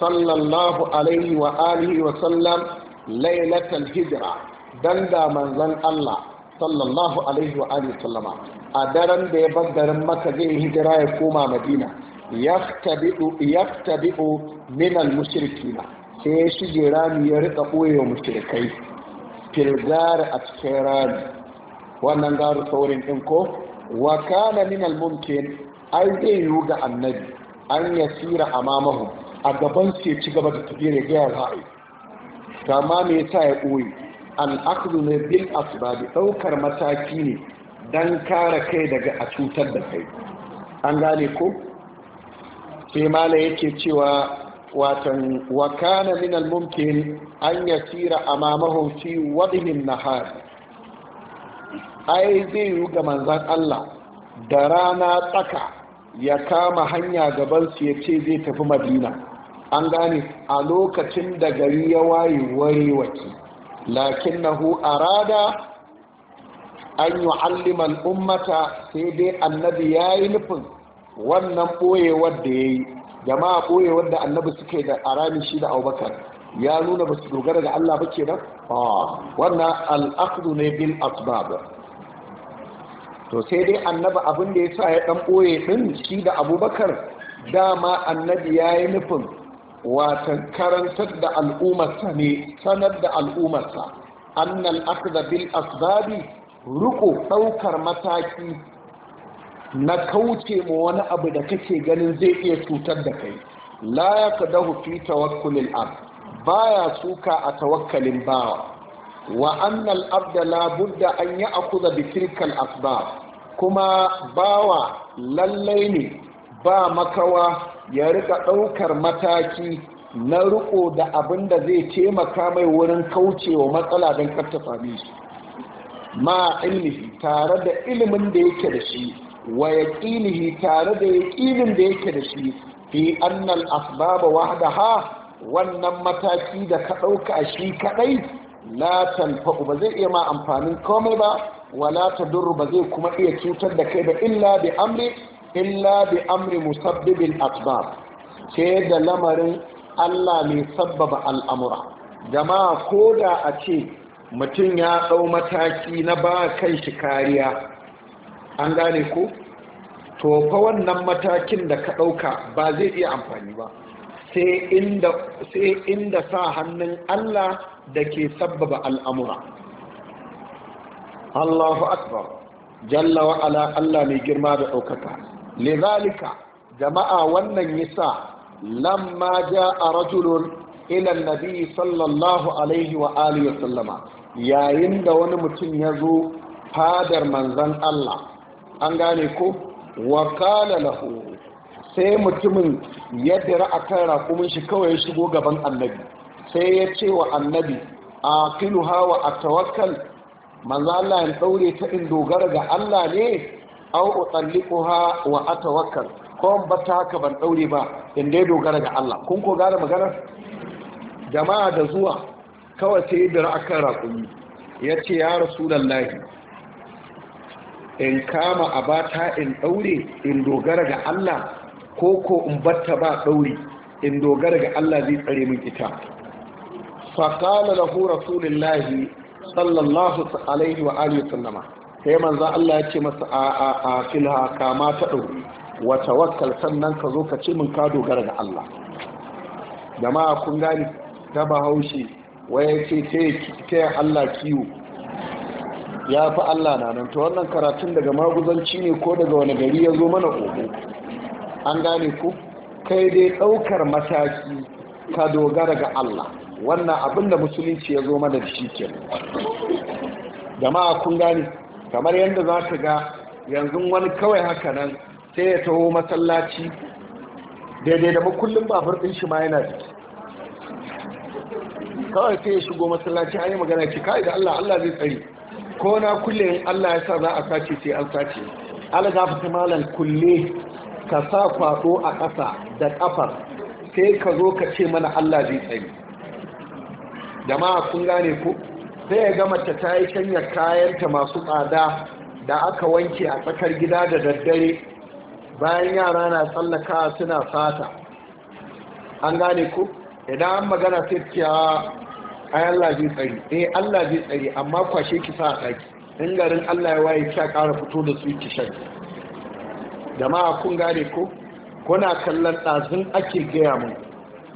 sallallahu alaihi wa alihi wa sallam lailatul hijra dan da manzon Allah sallallahu alaihi wa alihi sallama a daren da ya bar garin maka zai hijira ya koma madina yaftabi'u min al-mushrikina sai ya shige rami ya rika boye wa mushrikai filgar a cikin rami wannan garu saurin din ko wa kana min al-mumkin ai zai yiwu ga annabi an ya tsira a mamahu a gaban su ya ci gaba da tafiyar da gaya ra'ayi a yi kama me yasa ya ɓoye an aklu ne asbabi ɗaukar mataki ne don kare kai daga a cutar da kai an gane ko sai mala yake cewa watan wakana min al-mumkin an yasira mamahu fi wadhin nahar ai zai yi ga manzan Allah da rana tsaka ya kama hanya su ya ce zai tafi madina an gane a lokacin da gari ya waye warewaki lakin nahu rada an yi alliman ummata sai dai annabi ya yi nufin wannan ɓoyewar da ya yi jama'a ɓoyewar da annabi suka yi da arami shi da abubakar ya nuna ba su dogara da allah ba ke nan ah, wannan al'akudu ne bil asbab to sai dai annabi abin da ya sa ya ɗan ɓoye ɗin shi da abubakar dama annabi ya yi nufin watan karantar da al'ummarsa ne sanar da al'ummarsa annal akza bil asbabi ruko ɗaukar mataki na kauce ma wani abu da kake ganin zai iya cutar da kai la ya dahu fi tawakkulil Ba baya suka a tawakkalin bawa wa annal budda an yi akuza bi tilkal asbab kuma bawa lallai ne ba makawa ya rika ɗaukar mataki na riƙo da abin da zai taimaka mai wurin kaucewa matsala don karta su ma ilmihi tare da ilimin da yake da shi wa tare da yaqinin da yake da shi fi annal asbaba wahdaha wannan mataki da ka ɗauka shi kaɗai la tanfa'u ba zai iya ma amfanin komai ba wala tadurru ba zai kuma iya cutar da kai ba illa bi amri illa bi amri musabbibil asbab sai da lamarin Allah mai sabbaba al'amura jama'a ko da a ce mutum ya ɗau mataki na ba shi kariya an gane ko to fa wannan matakin da ka ɗauka ba zai iya amfani ba sai inda sa hannun Allah da ke sabbaba al'amura Allahu akbar jalla wa ala Allah mai girma da ɗaukaka lizalika jama'a wannan yasa lamma a rajulun ila nabi sallallahu alaihi wa alihi wa sallama yayin da wani mutum ya zo fadar manzan Allah an gane ko wa kala lahu sai mutumin ya dira akan rakumin shi kawai ya shigo gaban annabi sai ya ce wa annabi a filuha wa a tawakkal manzala ya daure ta in dogara ga Allah ne au ha wa a tawakkal, ko ba ta haka ban daure ba in dai dogara ga Allah kun ko gane magana jama'a da zuwa kawai sai da akan raƙumi ya ce ya rasulallahi in kama a bata in daure in dogara ga Allah ko ko in batta ba daure in dogara ga Allah zai tsare min ita faƙala da hu sallallahu alaihi wa alihi sallama sai manzo Allah ya ce masa a a a filha kama ta ɗauri wa tawakkal sannan ka zo ka ce min ka dogara ga Allah jama'a kun gani ta bahaushe waya ce ta Allah kiwo ya fi Allah na nan ta wannan karatun daga maguzanci ne ko daga wani gari ya zo mana ogo an gane ku kai dai ɗaukar mataki ka dogara ga Allah wannan abin da musulunci ya zo mana da shi ke jama'a kun gani kamar yadda za ka ga yanzu wani kawai haka nan sai ya taho masallaci daidai da makullin babur ɗin shi ma yana da kawai sai ya shigo masallaci an yi magana ce kai da Allah Allah zai tsari ko na kulle in Allah ya sa za a sace sai an sace Allah ga fita malam kulle ka sa kwaɗo a ƙasa da ƙafar sai ka zo ka ce mana Allah zai tsari jama'a kun gane ko sai ya gama ta ta yi canya kayanta masu tsada da aka wanke a tsakar gida da daddare bayan yara na tsallaka suna fata an gane ku? idan an magana sai cewa ai Allah ji tsari eh Allah ji tsari amma kwashe ki sa a in garin Allah ya waye ki ƙara fito da su ki shan jama'a kun gane ku? kuna kallon ɗazun ake gaya mun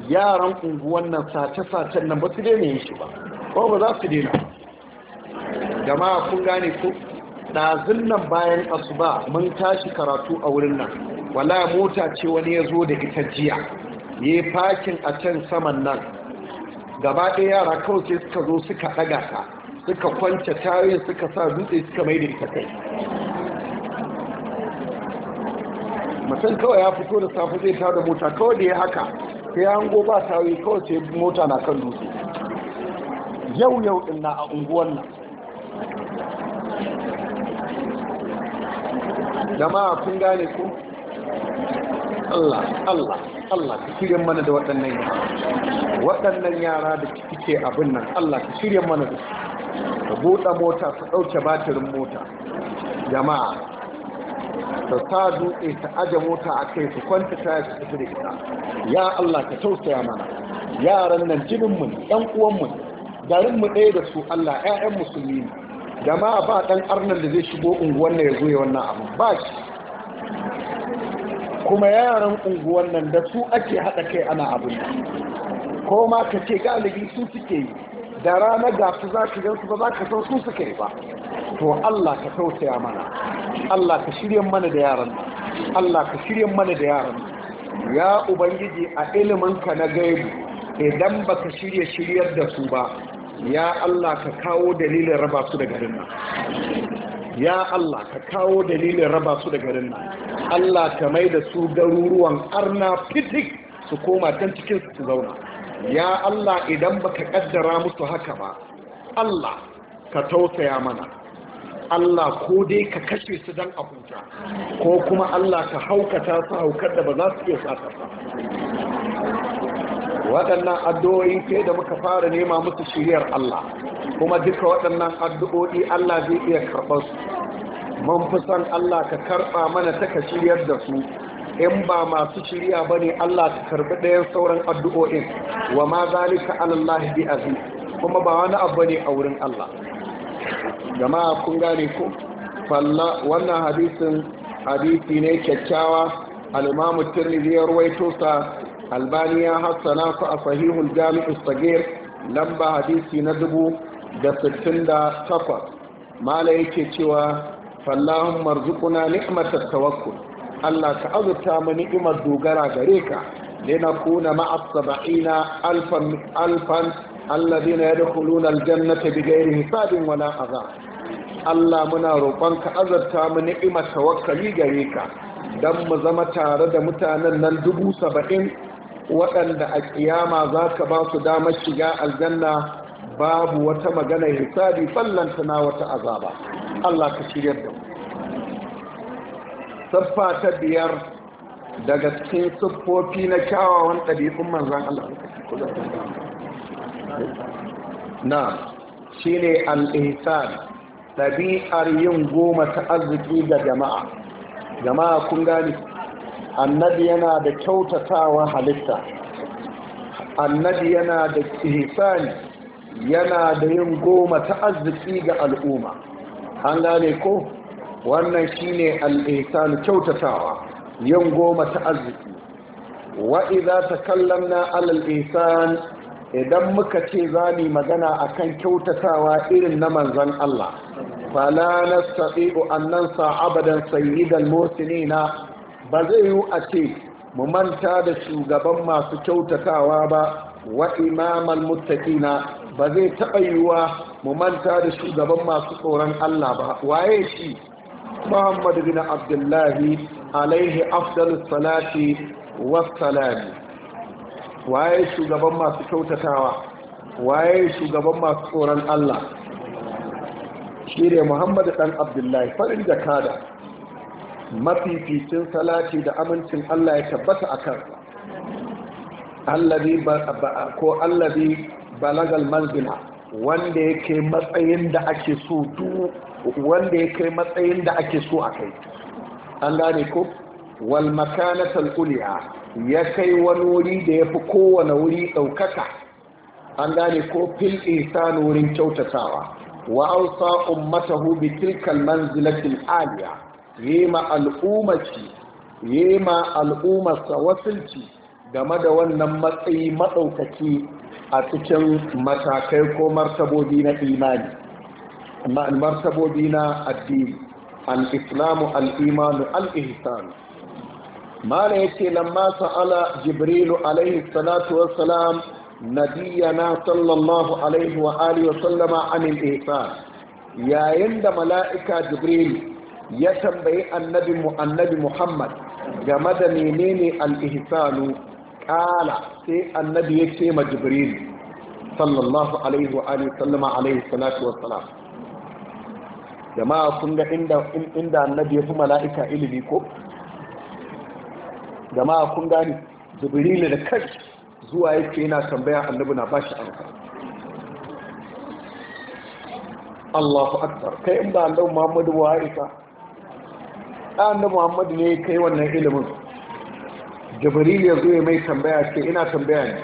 yaran unguwan nan sace-sacen nan ba su daina yin shi ba ko ba za su daina gama kun gane ku. ɗazin nan bayan asuba mun tashi karatu a wurin nan wala mota ce wani ya zo da ita jiya ya yi fakin a can saman nan gaba ɗaya yara kawai sai suka zo suka ɗaga ta suka kwance tayoyin suka sa dutse suka mai da ita kai mutum kawai ya fito da safe zai tada mota kawai da ya haka sai hango ba yi kawai sai mota na kan dutse yau yau din na a unguwan nan jama'a kun gane ku Allah Allah Allah ka shirya mana da waɗannan yara waɗannan yara da ke abin nan Allah ka shirya mana da su ka buɗe mota ka ɗauke batirin mota jama'a ta sa dutse ta aje mota a kai su kwanta ta su da gida, ya Allah ka tausaya mana yaran nan jinin mu ɗan uwan mu garin mu ɗaya da su Allah ƴaƴan musulmi ne da ma ba ɗan arnan da zai shigo unguwan nan ya zo ya wannan abu ba shi kuma yaran unguwan nan da su ake haɗa kai ana abin ko ma ka ce galibi su suke yi da rana ga su za ka gan ba za ka san su suke yi ba to Allah ka tausaya mana Allah ka shirya mana da yaran Allah ka shirya mana da yaran ya ubangiji a iliminka na gaibu idan baka shirya shiryar da su ba ya Allah ka kawo dalilin raba su da garin nan ya Allah ka kawo dalilin raba su da garin nan Allah ka mai da su garuruwan arna fitik su koma can cikin su zauna ya Allah idan baka kaddara musu haka ba Allah ka tausaya mana Allah ko dai ka kashe su don a huta ko kuma Allah ka haukata su haukar da ba za su iya sata waɗannan addu'o'i fiye da muka fara nema musu shiriyar Allah kuma duka waɗannan addu'o'i Allah zai iya karɓar su mun fi son Allah ka karɓa mana ta ka shiryar da su in ba masu shirya ba ne Allah ta karɓi ɗayan sauran addu'o'in wa ma zalika alallahi bi azim, kuma ba wani abu ne a wurin Allah jama'a kun gane ko wannan hadisin hadisi ne kyakkyawa Alimamu imamu ya ruwaito sa albaniya hassana ku a sahihul jami'u sagir lamba hadisi na dubu da sittin da takwas mala yake cewa fallahun marzukuna ni'matar tawakkul Allah ka azurta mu ni'imar dogara gare ka lina kuna ma'a saba'ina alfan alladhina yadkhuluna aljannata bighairi hisabin wala azab Allah muna ka azarta mu ni'imar tawakkali gare ka dan mu zama tare da mutanen nan dubu saba'in waɗanda a ƙiyama za ka ba su damar shiga aljanna babu wata magana hisabi na wata azaba Allah ka shirya da mu siffa ta biyar daga cikin siffofi na kyawawan ɗabi'un manzan Allah na shi ne al'ihsan ɗabi'ar yin goma ta arziki ga jama'a jama'a kun gani annabi yana da kyautatawa halitta annabi yana da ihsani yana da yin goma ta arziki ga al'umma an gane ko wannan shi ne ihsan kyautatawa yin goma ta arziki wa’i za ta kallon na ihsan idan muka ce za mu magana akan kyautatawa irin na manzon Allah fala nastati'u annan nansa abadan sayyidal muhsinina ba zai yi a ce mu manta da shugaban masu kyautatawa ba wa imamal muttaqina ba zai taɓa yiwuwa mu manta da shugaban masu tsoron Allah ba waye shi Muhammadu bin Abdullahi alaihi afdalus salati wassalami waye shugaban masu kyautatawa waye shugaban masu tsoron Allah shi ne Muhammad dan Abdullahi farin jakada mafificin salati da amincin Allah ya tabbata a kansa ko allabi balagal manzila wanda ya kai matsayin da ake so wanda ya kai matsayin da ake so a kai an gane ko wal makanatal uliya ya kai wani wuri da ya fi kowane wuri ɗaukaka an gane ko fil na wurin kyautatawa wa ausa hu bi tilkal manzilatil aliya yema al'ummaci yema al'ummarsa wasilci game da wannan matsayi maɗaukaki a cikin matakai ko martabobi na imani martabobi na addini al-islamu al-imanu al-ihsanu mala yace lamma sa'ala jibrilu alaihi salatu wa wassalam nabiyana sallallahu alaihi wa alihi wa sallama anil ihsan yayin da mala'ika jibril ya tambayi annabi mu annabi muhammad game da menene al-ihsanu kala sai annabi ya ce ma jibril sallallahu alaihi wa alihi sallama alaihi salatu wa salam jama'a kun ga inda inda annabi ya fi mala'ika ilimi ko jama'a kun gani jibrilu da kai zuwa yake yana tambaya annabi na bashi amsa Allahu akbar kai in ba annabi Muhammadu wa Aisha annabi Muhammadu ne kai wannan ilimin jibrilu ya zo mai tambaya ce ina tambaya ne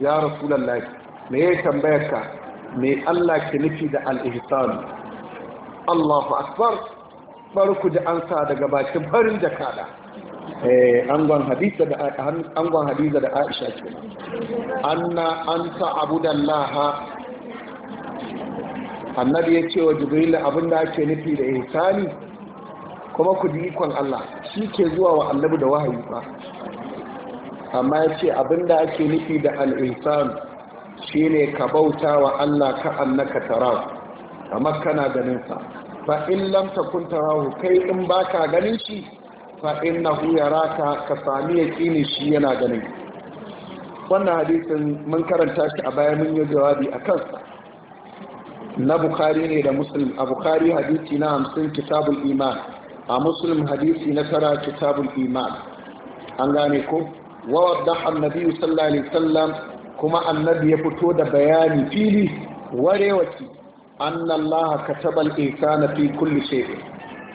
ya rasulullahi me ya tambaya ka me Allah ke nufi da al-ihsan Allahu akbar bari ku an ansa daga bakin farin jakada eh, angon hadiza da angon hadiza da Aisha ce anna anta abudallaha annabi ya ce wa jibril abin da ake nufi da ihsani kuma ku ji ikon Allah shi ke zuwa wa annabi da wahayi ba amma ya ce abin da ake nufi da al shi shine ka bauta wa Allah ka annaka tarawa kamar kana ganin sa fa in lam takun tarahu kai in baka ganin shi fa innahu yaraka ka sami yaqini shi yana ganin wannan hadisin mun karanta shi a baya mun yi jawabi a kansa na bukhari ne da muslim a bukhari hadisi na hamsin kitabul iman a muslim hadisi na tara kitabul iman an gane ko wa waddaha annabi sallallahu alaihi wasallam kuma annabi ya fito da bayani fili warewaki annallaha katabal ihsana fi kulli shay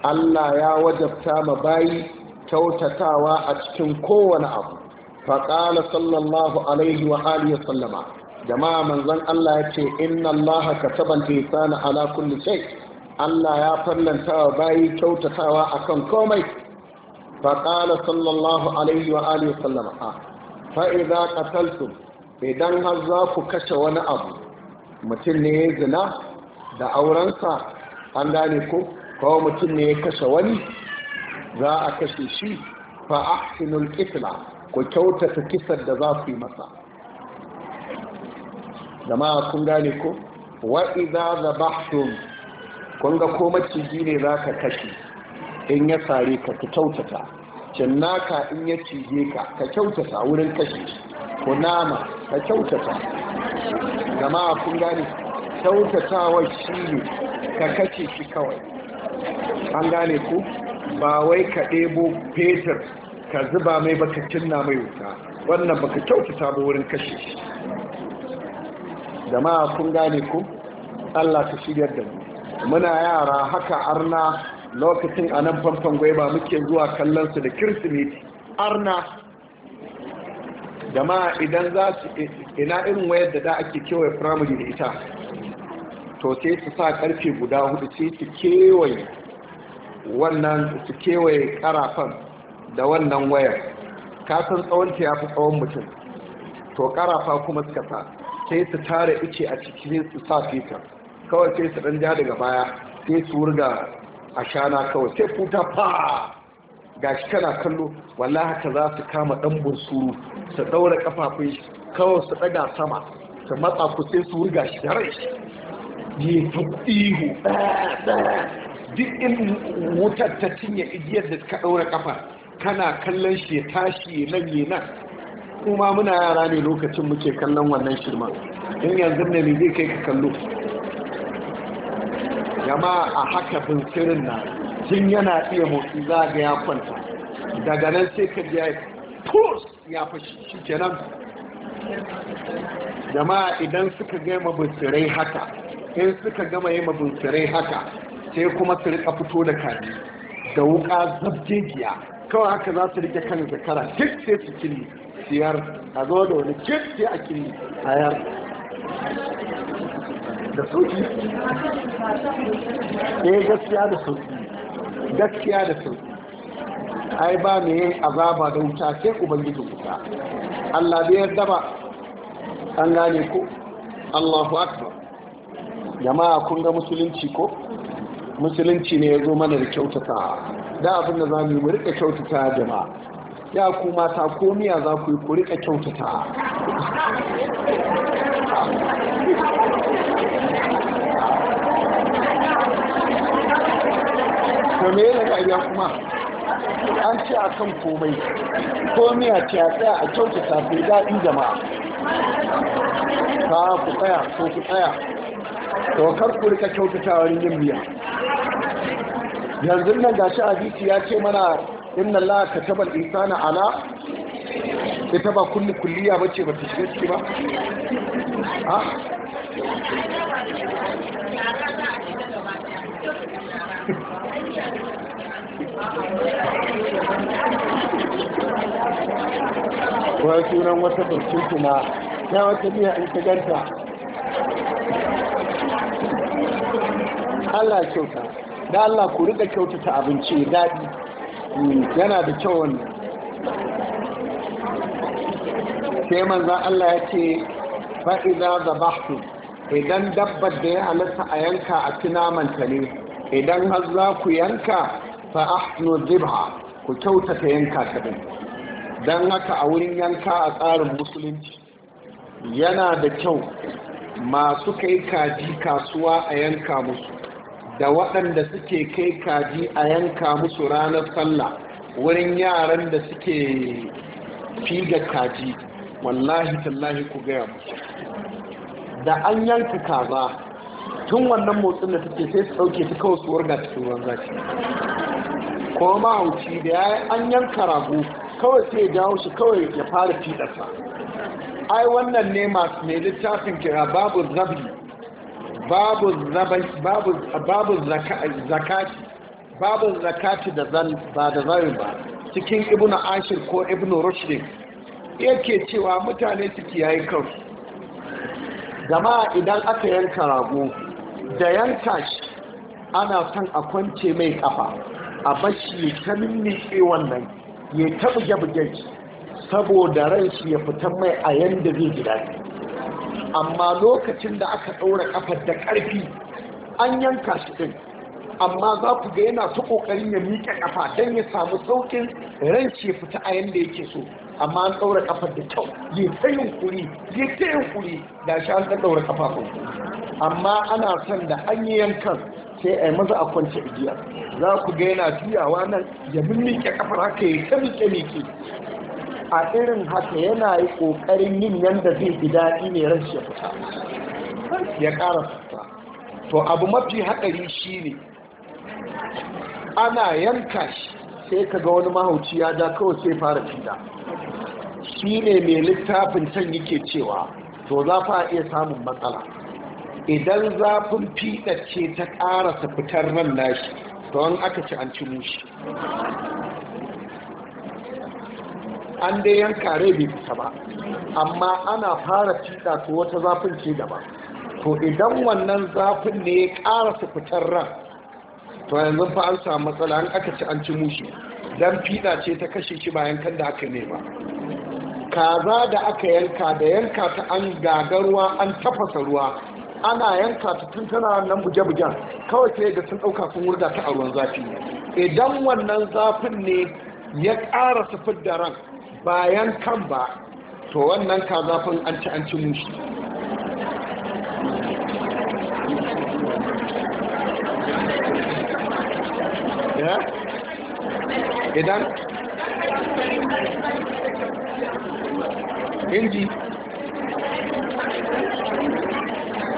Allah ya wajabta ma bayi kyautatawa a cikin kowane abu faƙala sallallahu alaihi wa alihi sallama jama'a manzon Allah ya ce inna Allah katabal ihsana ala kulli shay Allah ya fallanta wa bayi kyautatawa akan komai faƙala sallallahu alaihi wa alihi sallama fa idza qataltum idan har za ku kashe wani abu mutum ne ya zina da aurensa an gane ko kawo mutum ne ya kashe wani za a kashe shi fa ahsinul qitla ku kyautata kisar da za su yi masa jama'a kun gane ko wa idza dhabhtum kun ga ko maciji ne za ka kashe in ya sare ka ku kyautata cinnaka in ya cije ka ka kyautata wurin kashe ko nama ka kyautata jama'a kun gane kyautatawa shi ne ka kace shi kawai an gane ku ba wai ka ɗebo fetur ka zuba mai baka cinna mai wuta wannan baka kyautata ba wurin kashe shi jama'a kun gane ku Allah ka shigar da mu muna yara haka arna lokacin a nan famfan ba muke zuwa kallonsu su da kirsimeti arna jama'a idan za su ina irin wayar da da ake kewaye firamare da ita to sai su sa karfe guda hudu sai su kewaye wannan su kewaye karafan da wannan wayar kasan tsawon ta yafi tsawon mutum to karafa kuma suka sa sai su tare ice a cikin su sa fita. kawai sai su dan ja daga baya sai su wurga a shana kawai sai futa fa Ga shi kana kallo wallahi haka za su kama dan bursuru su daura kafafun kawai su ɗaga sama su matsa ku sai su wurga shi da rai ya ta ihu duk in wutar ta cinye igiyar da ka ɗaura kafa kana kallon shi ya tashi ya nan ya nan kuma muna yara ne lokacin muke kallon wannan shirma in yanzu ne me zai kai ka kallo jama'a a haka binsirin na jin yana iya motsi za ga ya kwanta daga nan sai ka biya pus ya fashi shi kenan jama'a idan suka gama binsirai haka sai suka gama yi mabunsirai haka sai kuma su rika fito da kaji da wuka zabjegiya kawai haka za su rike kan zakara duk sai su kiri siyar a zo da wani duk sai a kiri hayar da sauki eh gaskiya da sauki gaskiya da sauki ai ba mu yin azaba da wuta sai ubangiji wuta Allah bai yarda ba an gane ko Allahu akbar jama'a kun ga musulunci ko musulunci ne ya zo mana da kyautata da abinda za mu yi mu rika kyautata jama'a ya ku mata ko miya za ku yi ku rika kyautata to me yana ƙarya kuma an ce a kan komai ko miya ce a tsaya a kyautata bai daɗi jama'a ka ku tsaya ko ku tsaya to kar ku rika kyautatawa yin biya. yanzu nan gashi hadisi ya ce mana inna allaha kataba al-insana ala ita ba kulli kulliya bace ba ta shiga ciki ba ha wani sunan wata barcin kuma ya wata biya in ta ganta Allah kyauta da Allah ku rika ta abinci daɗi hmm, yana da kyau wannan sai manzan Allah ya ce fa'iza da bahtu idan dabbar da ya halatta a yanka a tunamanta ne idan har za ku yanka fa'ahnu zibha ku kyautata yanka ta bin don haka a wurin yanka a tsarin musulunci yana da kyau masu kai kaji kasuwa a yanka musu da waɗanda suke kai kaji a yanka musu ranar sallah wurin yaran da suke figa kaji wallahi tallahi ku gaya musu da an yanka kaza tun wannan motsin da suke sai su ɗauke ta kawai su warga cikin ruwan zafi ko mahauci da ya an yanka rago kawai sai ya jawo shi kawai ya fara fiɗarsa ai wannan ne masu mai littafin kira babu zabi babu zabi babu babu zakati babu zakati da zan ba da zabi ba cikin ibnu ashir ko ibnu rushd yake cewa mutane su kiyaye kansu gama idan aka yanka rago da yanka shi ana son a kwance mai kafa a bashi ya ta wannan ya ta buge-buge saboda ran shi ya fitar mai a yanda zai gida amma lokacin da aka ɗaura kafar da ƙarfi an yanka shi ɗin amma za ku ga yana ta ƙoƙarin ya miƙe ƙafa don ya samu saukin ran shi ya fita a yanda yake so amma an ɗaura kafar da kyau ya ta yunkuri ya ta yunkuri da shi an ɗan ɗaura kafa amma ana son da an yi yankan sai a yi maza a kwance igiya za ku ga yana juyawa nan ya miƙe kafar haka ya ta miƙe miƙe a irin haka yana yi ƙoƙarin yin yadda zai fi daɗi ne ran shi fita ya ƙara fita to abu mafi haɗari shi ne ana yanka shi sai ka ga wani mahauci ya ja kawai sai fara fita. shi ne mai littafin can yake cewa to za fa iya samun matsala idan zafin fiɗa ce ta ƙarasa fitar nan nashi to an aka ci an ci mushi an dai yanka rai bai fita ba amma ana fara fiɗa ta wata zafin ce gaba to idan wannan zafin ne ya ƙara su fitar ran to yanzu fa an samu matsala an aka ci an ci mushi dan fita ce ta kashe shi bayan kan da aka nema kaza da aka yanka da yanka ta an gagarwa an tafasa ruwa ana yanka ta tun tana nan buje-bujen kawai sai da sun ɗauka sun wurga ta a ruwan zafi idan wannan zafin ne ya ƙara sufur da ran bayan kan ba to wannan ka zafin an ci an ci mushi idan inji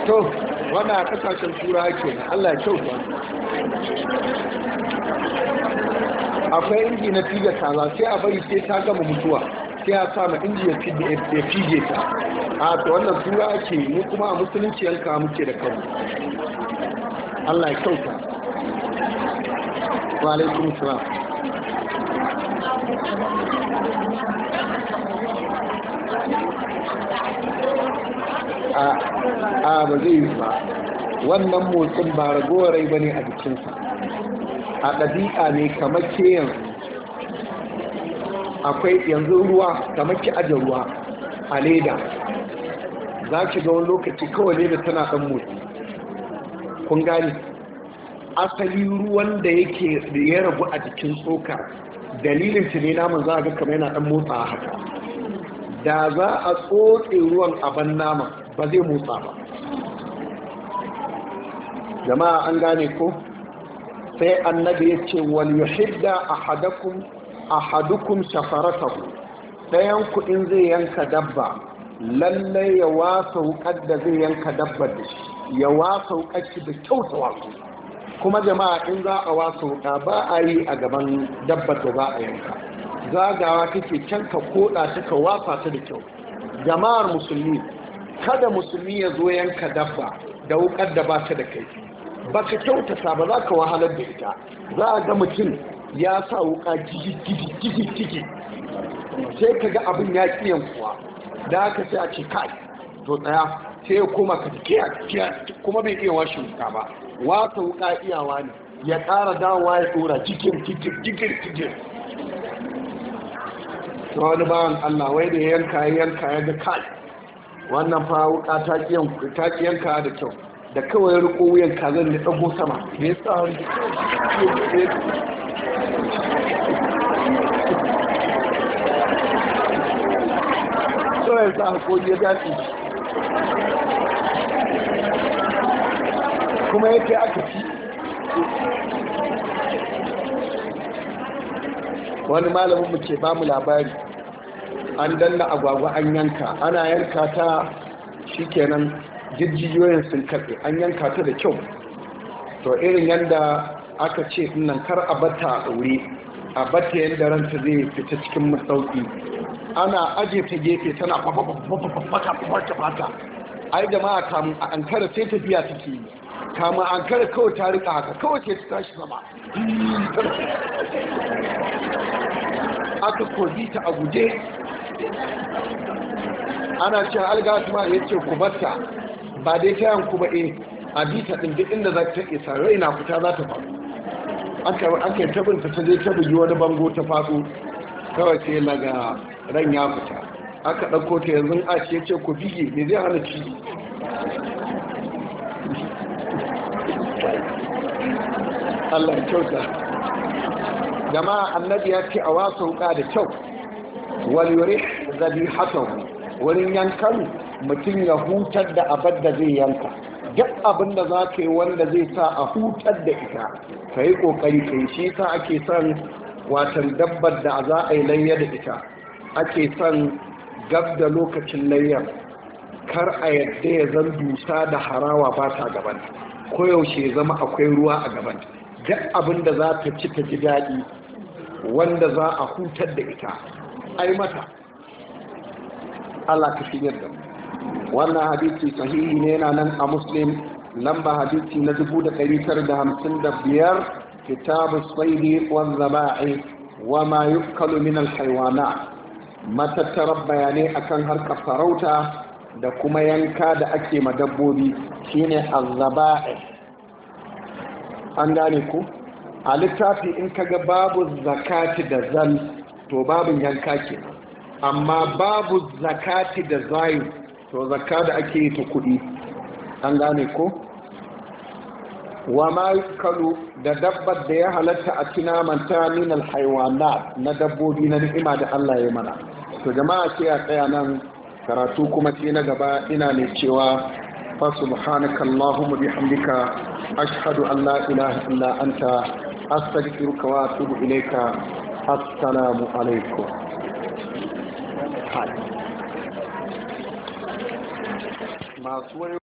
to wanda a kasashen tura ke allah kyau ba. akwai inji na fige kaza sai a bari sai ta gama mutuwa sai a sa ma inji ya fige ta a to wannan tura ake mu kuma a musulunci yanka muke da kanmu Allah ya kyauta wa alaikum salam a ba zai yi ba wannan motsin ba ragowar rai ba ne a jikinsa a ɗabi'a ne kamar ke yanzu akwai yanzu ruwa kamar ki aje ruwa a leda za ki ga wani lokaci kawai leda tana ɗan motsi kun gani asali ruwan da yake ya rabu a jikin tsoka dalilin ta ne naman za a ga kamar yana ɗan motsa a haka da za a tsotse ruwan a ban nama ba zai motsa ba jama'a an gane ko sai annabi ya ce wal yuhidda ahadakum ahadukum shafaratahu ɗayan kuɗin zai yanka dabba lallai ya wasa wukar da zai yanka dabba da shi ya wasa shi da kyauta wasu kuma jama'a in za a wasa wuka ba a yi a gaban dabba da za a yanka zagawa kake can ka koɗa ta ka wasa ta da kyau jama'ar musulmi kada musulmi ya zo yanka dabba da wukar da ba ta da kai. ba ka kyautata ba za ka wahalar da ita za a ga mutum ya sa wuka gigi-gigi sai ka ga abin ya ƙi yankuwa da aka sai a ce kai to tsaya sai kiya kuma bai iya washe wuka ba wata wuka iyawa ne ya ƙara dawa ya ɗora cikin cikin ta wani bawan allah wai da yanka ya yanka ya ga kai wannan fa wuka ta ƙi yanka da kyau da kawai ya riko wuyan kazan da tsago sama me yasa wani sa hakuri ya dace kuma yake aka ci wani malamin mu ce ba mu labari an danna agwagwa an yanka ana yanka ta shi kenan. jirjiyoyin sun katse an yanka ta da kyau to irin yadda aka ce nan kar a bata a ɗaure a bata yadda ranta zai fita cikin masauki ana aje ta gefe tana fata fata ai jama'a kamun a ankara sai tafiya take yi kamun ankara kawai ta rika haka kawai ce ta tashi sama aka kozi ta a guje ana cewa algasma ya ce ku batta ba dai ta yanku ba eh a bita ɗin duk inda za ta isa rai na fita za ta faru An an kai tabin ta je ta bugi wani bango ta faɗo kawai sai laga ran ya fita aka dauko ta yanzu a ce ce ku bige me zai hana ci Allah ya kyauta jama'a annabi ya ce a wasu wuka da kyau wal yurih zabi hasan wurin yankan mutum ya hutar da abin da zai yanka duk abin da za ka yi wanda zai sa a hutar da ita ka yi ƙoƙari kai shi sa ake son watan dabbar da za a yi layya da ita ake son gab da lokacin layyar kar a yadda ya zan dusa da harawa ba ta gaban koyaushe zama akwai ruwa a gaban duk abin da za ta ci ta ji daɗi wanda za a hutar da ita ai mata Allah ka shigar da wannan hadisi sahihi ne yana nan a muslim lamba hadisi na dubu da ɗari tara da hamsin da biyar kitabu saidi wan zaba'i wa ma min alhaywana matattarar bayanai akan harkar farauta da kuma yanka da ake ma dabbobi shine azzaba'i an gane ku a littafi in kaga babu zakati da zan to babin yanka kenan amma babu zakati da zayu to zakka da ake yi ta kuɗi an gane ko wa ma kalu da dabbar da ya halatta a kina manta min alhaiwana na dabbobi na ni'ima da Allah ya mana to jama'a sai a tsaya nan karatu kuma sai na gaba ina ne cewa fa subhanaka allahumma bihamdika ashhadu an la ilaha illa anta astaghfiruka wa atubu ilayka assalamu alaikum masu